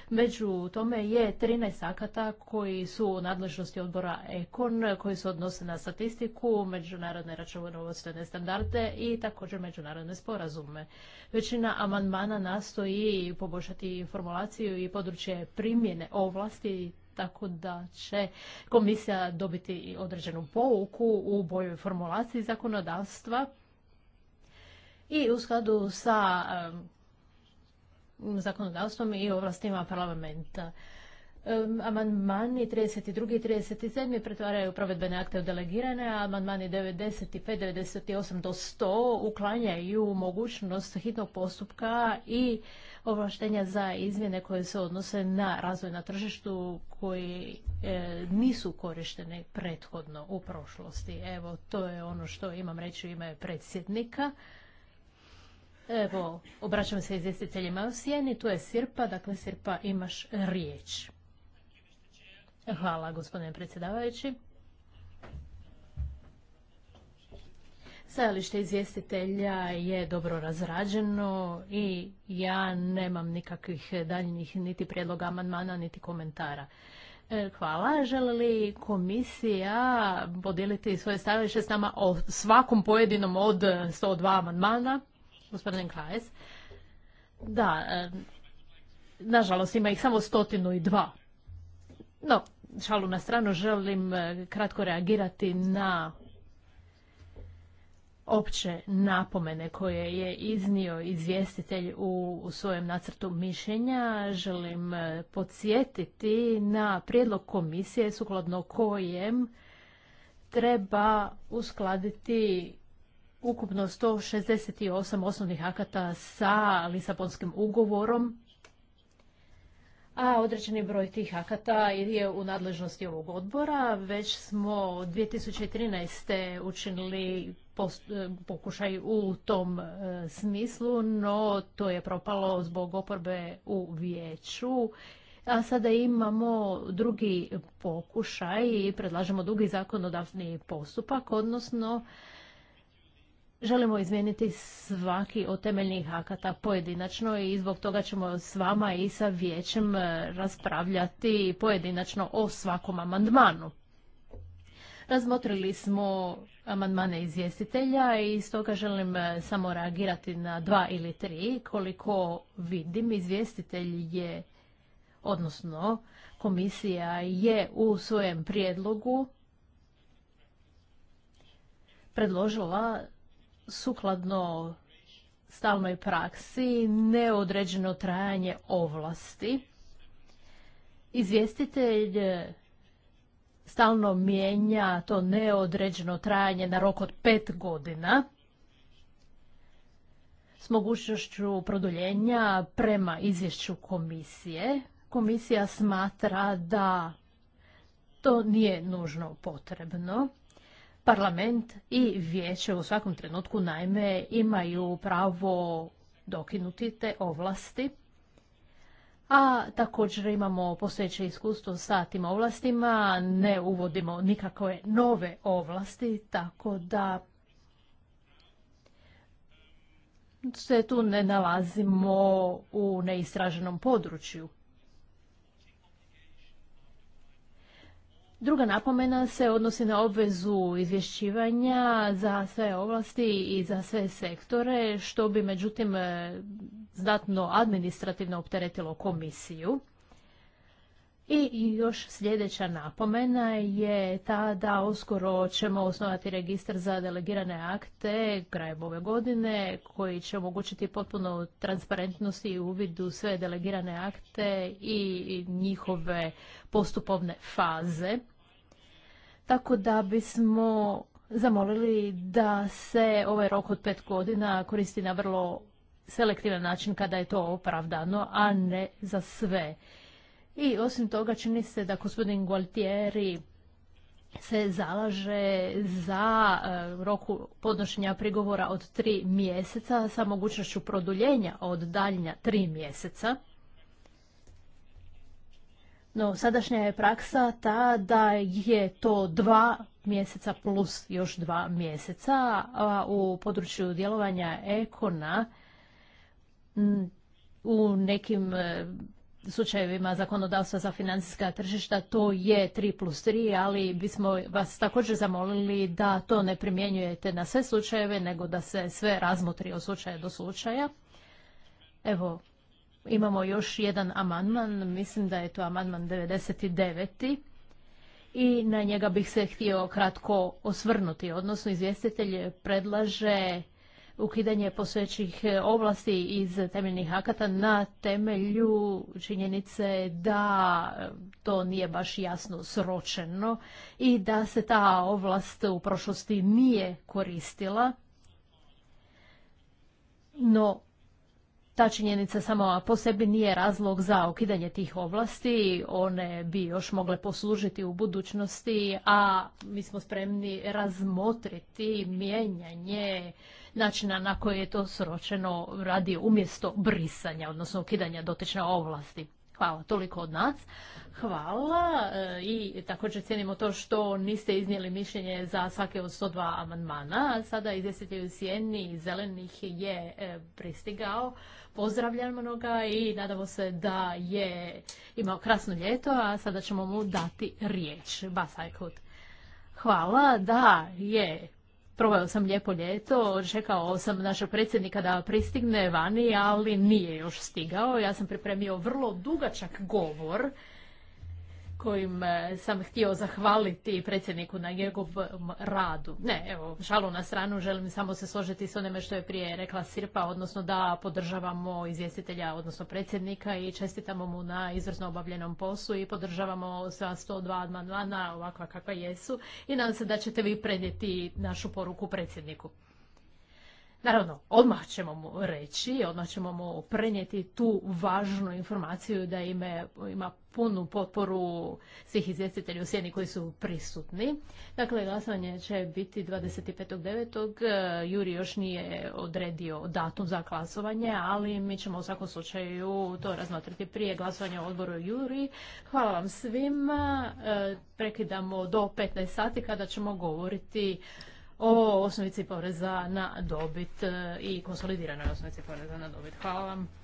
Među tome je 13 akata koji su u nadležnosti odbora EKON, koji se odnose na statistiku, međunarodne računovodstvene standarde i također međunarodne sporazume. Većina amandmana nastoji poboljšati formulaciju i područje primjene ovlasti tako da će komisija dobiti određenu pouku u boljoj formulaciji zakonodavstva i u skladu sa zakonodavstvom i ovlastima parlamenta. Amandmani 32. i 37. pretvaraju provedbene akte u delegirane, a amandmani 95, 98 do 100 uklanjaju mogućnost hitnog postupka i ovlaštenja za izmjene koje se odnose na razvoj na tržištu koji e, nisu korišteni prethodno u prošlosti. Evo, to je ono što imam reći u ime predsjednika. Evo, obraćam se izvjestiteljima u sjeni. tu je Sirpa, dakle Sirpa imaš riječ. Hvala gospodine predsjedavajući. Stajalište izvjestitelja je dobro razrađeno i ja nemam nikakvih daljnjih niti prijedloga amandmana niti komentara. E, hvala. Želi li komisija podijeliti svoje stajalište s nama o svakom pojedinom od 102 amandmana? Gospodin Klajs. Da, e, nažalost ima ih samo stotinu i dva. No, šalu na stranu želim e, kratko reagirati na opće napomene koje je iznio izvjestitelj u, svojem nacrtu mišljenja želim e, podsjetiti na prijedlog komisije sukladno kojem treba uskladiti ukupno 168 osnovnih akata sa Lisabonskim ugovorom, a određeni broj tih akata je u nadležnosti ovog odbora. Već smo 2013. učinili E, pokušaj u tom e, smislu, no to je propalo zbog oporbe u vijeću. A sada imamo drugi pokušaj i predlažemo drugi zakonodavni postupak, odnosno želimo izmijeniti svaki od temeljnih akata pojedinačno i zbog toga ćemo s vama i sa vijećem e, raspravljati pojedinačno o svakom amandmanu. Razmotrili smo amandmane izvjestitelja i stoga želim e, samo reagirati na dva ili tri. Koliko vidim, izvjestitelj je, odnosno komisija je u svojem prijedlogu predložila sukladno stalnoj praksi neodređeno trajanje ovlasti. Izvjestitelj stalno mijenja to neodređeno trajanje na rok od pet godina s mogućnošću produljenja prema izvješću komisije. Komisija smatra da to nije nužno potrebno. Parlament i vijeće u svakom trenutku naime imaju pravo dokinuti te ovlasti a također imamo posvećeno iskustvo sa tim ovlastima, ne uvodimo nikakve nove ovlasti, tako da se tu ne nalazimo u neistraženom području. Druga napomena se odnosi na obvezu izvješćivanja za sve ovlasti i za sve sektore, što bi međutim e, znatno administrativno opteretilo komisiju. I još sljedeća napomena je ta da uskoro ćemo osnovati registar za delegirane akte krajem ove godine koji će omogućiti potpuno transparentnost i uvid u sve delegirane akte i njihove postupovne faze tako da bismo zamolili da se ovaj rok od pet godina koristi na vrlo selektivan način kada je to opravdano, a ne za sve. I osim toga čini se da gospodin Gualtieri se zalaže za eh, roku podnošenja prigovora od tri mjeseca sa mogućnošću produljenja od daljnja tri mjeseca. No, sadašnja je praksa ta da je to dva mjeseca plus još dva mjeseca, a u području djelovanja ekona u nekim e, slučajevima zakonodavstva za financijska tržišta to je 3 plus 3, ali bismo vas također zamolili da to ne primjenjujete na sve slučajeve, nego da se sve razmotri od slučaja do slučaja. Evo, imamo još jedan amandman, mislim da je to amandman 99. I na njega bih se htio kratko osvrnuti, odnosno izvjestitelj predlaže ukidanje posvećih oblasti iz temeljnih akata na temelju činjenice da to nije baš jasno sročeno i da se ta ovlast u prošlosti nije koristila. No, ta činjenica sama po sebi nije razlog za ukidanje tih ovlasti, one bi još mogle poslužiti u budućnosti, a mi smo spremni razmotriti mijenjanje načina na koji je to sročeno radi umjesto brisanja, odnosno ukidanja dotične ovlasti. Hvala, toliko od nas. Hvala e, i također cijenimo to što niste iznijeli mišljenje za svake od 102 amandmana. Sada izvjestitelj u sjeni zelenih je e, pristigao. Pozdravljamo ga i nadamo se da je imao krasno ljeto, a sada ćemo mu dati riječ. Hvala, da, je. Proveo sam lijepo ljeto, čekao sam našeg predsjednika da pristigne vani, ali nije još stigao. Ja sam pripremio vrlo dugačak govor kojim e, sam htio zahvaliti predsjedniku na njegovom radu. Ne, evo, šalu na stranu, želim samo se složiti s onime što je prije rekla Sirpa, odnosno da podržavamo izvjestitelja, odnosno predsjednika i čestitamo mu na izvrsno obavljenom poslu i podržavamo sva 102 amandmana ovakva kakva jesu i nadam se da ćete vi prenijeti našu poruku predsjedniku. Naravno, odmah ćemo mu reći, odmah ćemo mu prenijeti tu važnu informaciju da ime, ima punu potporu svih izvjestitelja u sjeni koji su prisutni. Dakle, glasovanje će biti 25.9. Juri još nije odredio datum za glasovanje, ali mi ćemo u svakom slučaju to razmotriti prije glasovanja u odboru Juri. Hvala vam svima. E, prekidamo do 15 sati kada ćemo govoriti o osnovici poreza na dobit e, i konsolidiranoj osnovici poreza na dobit. Hvala vam.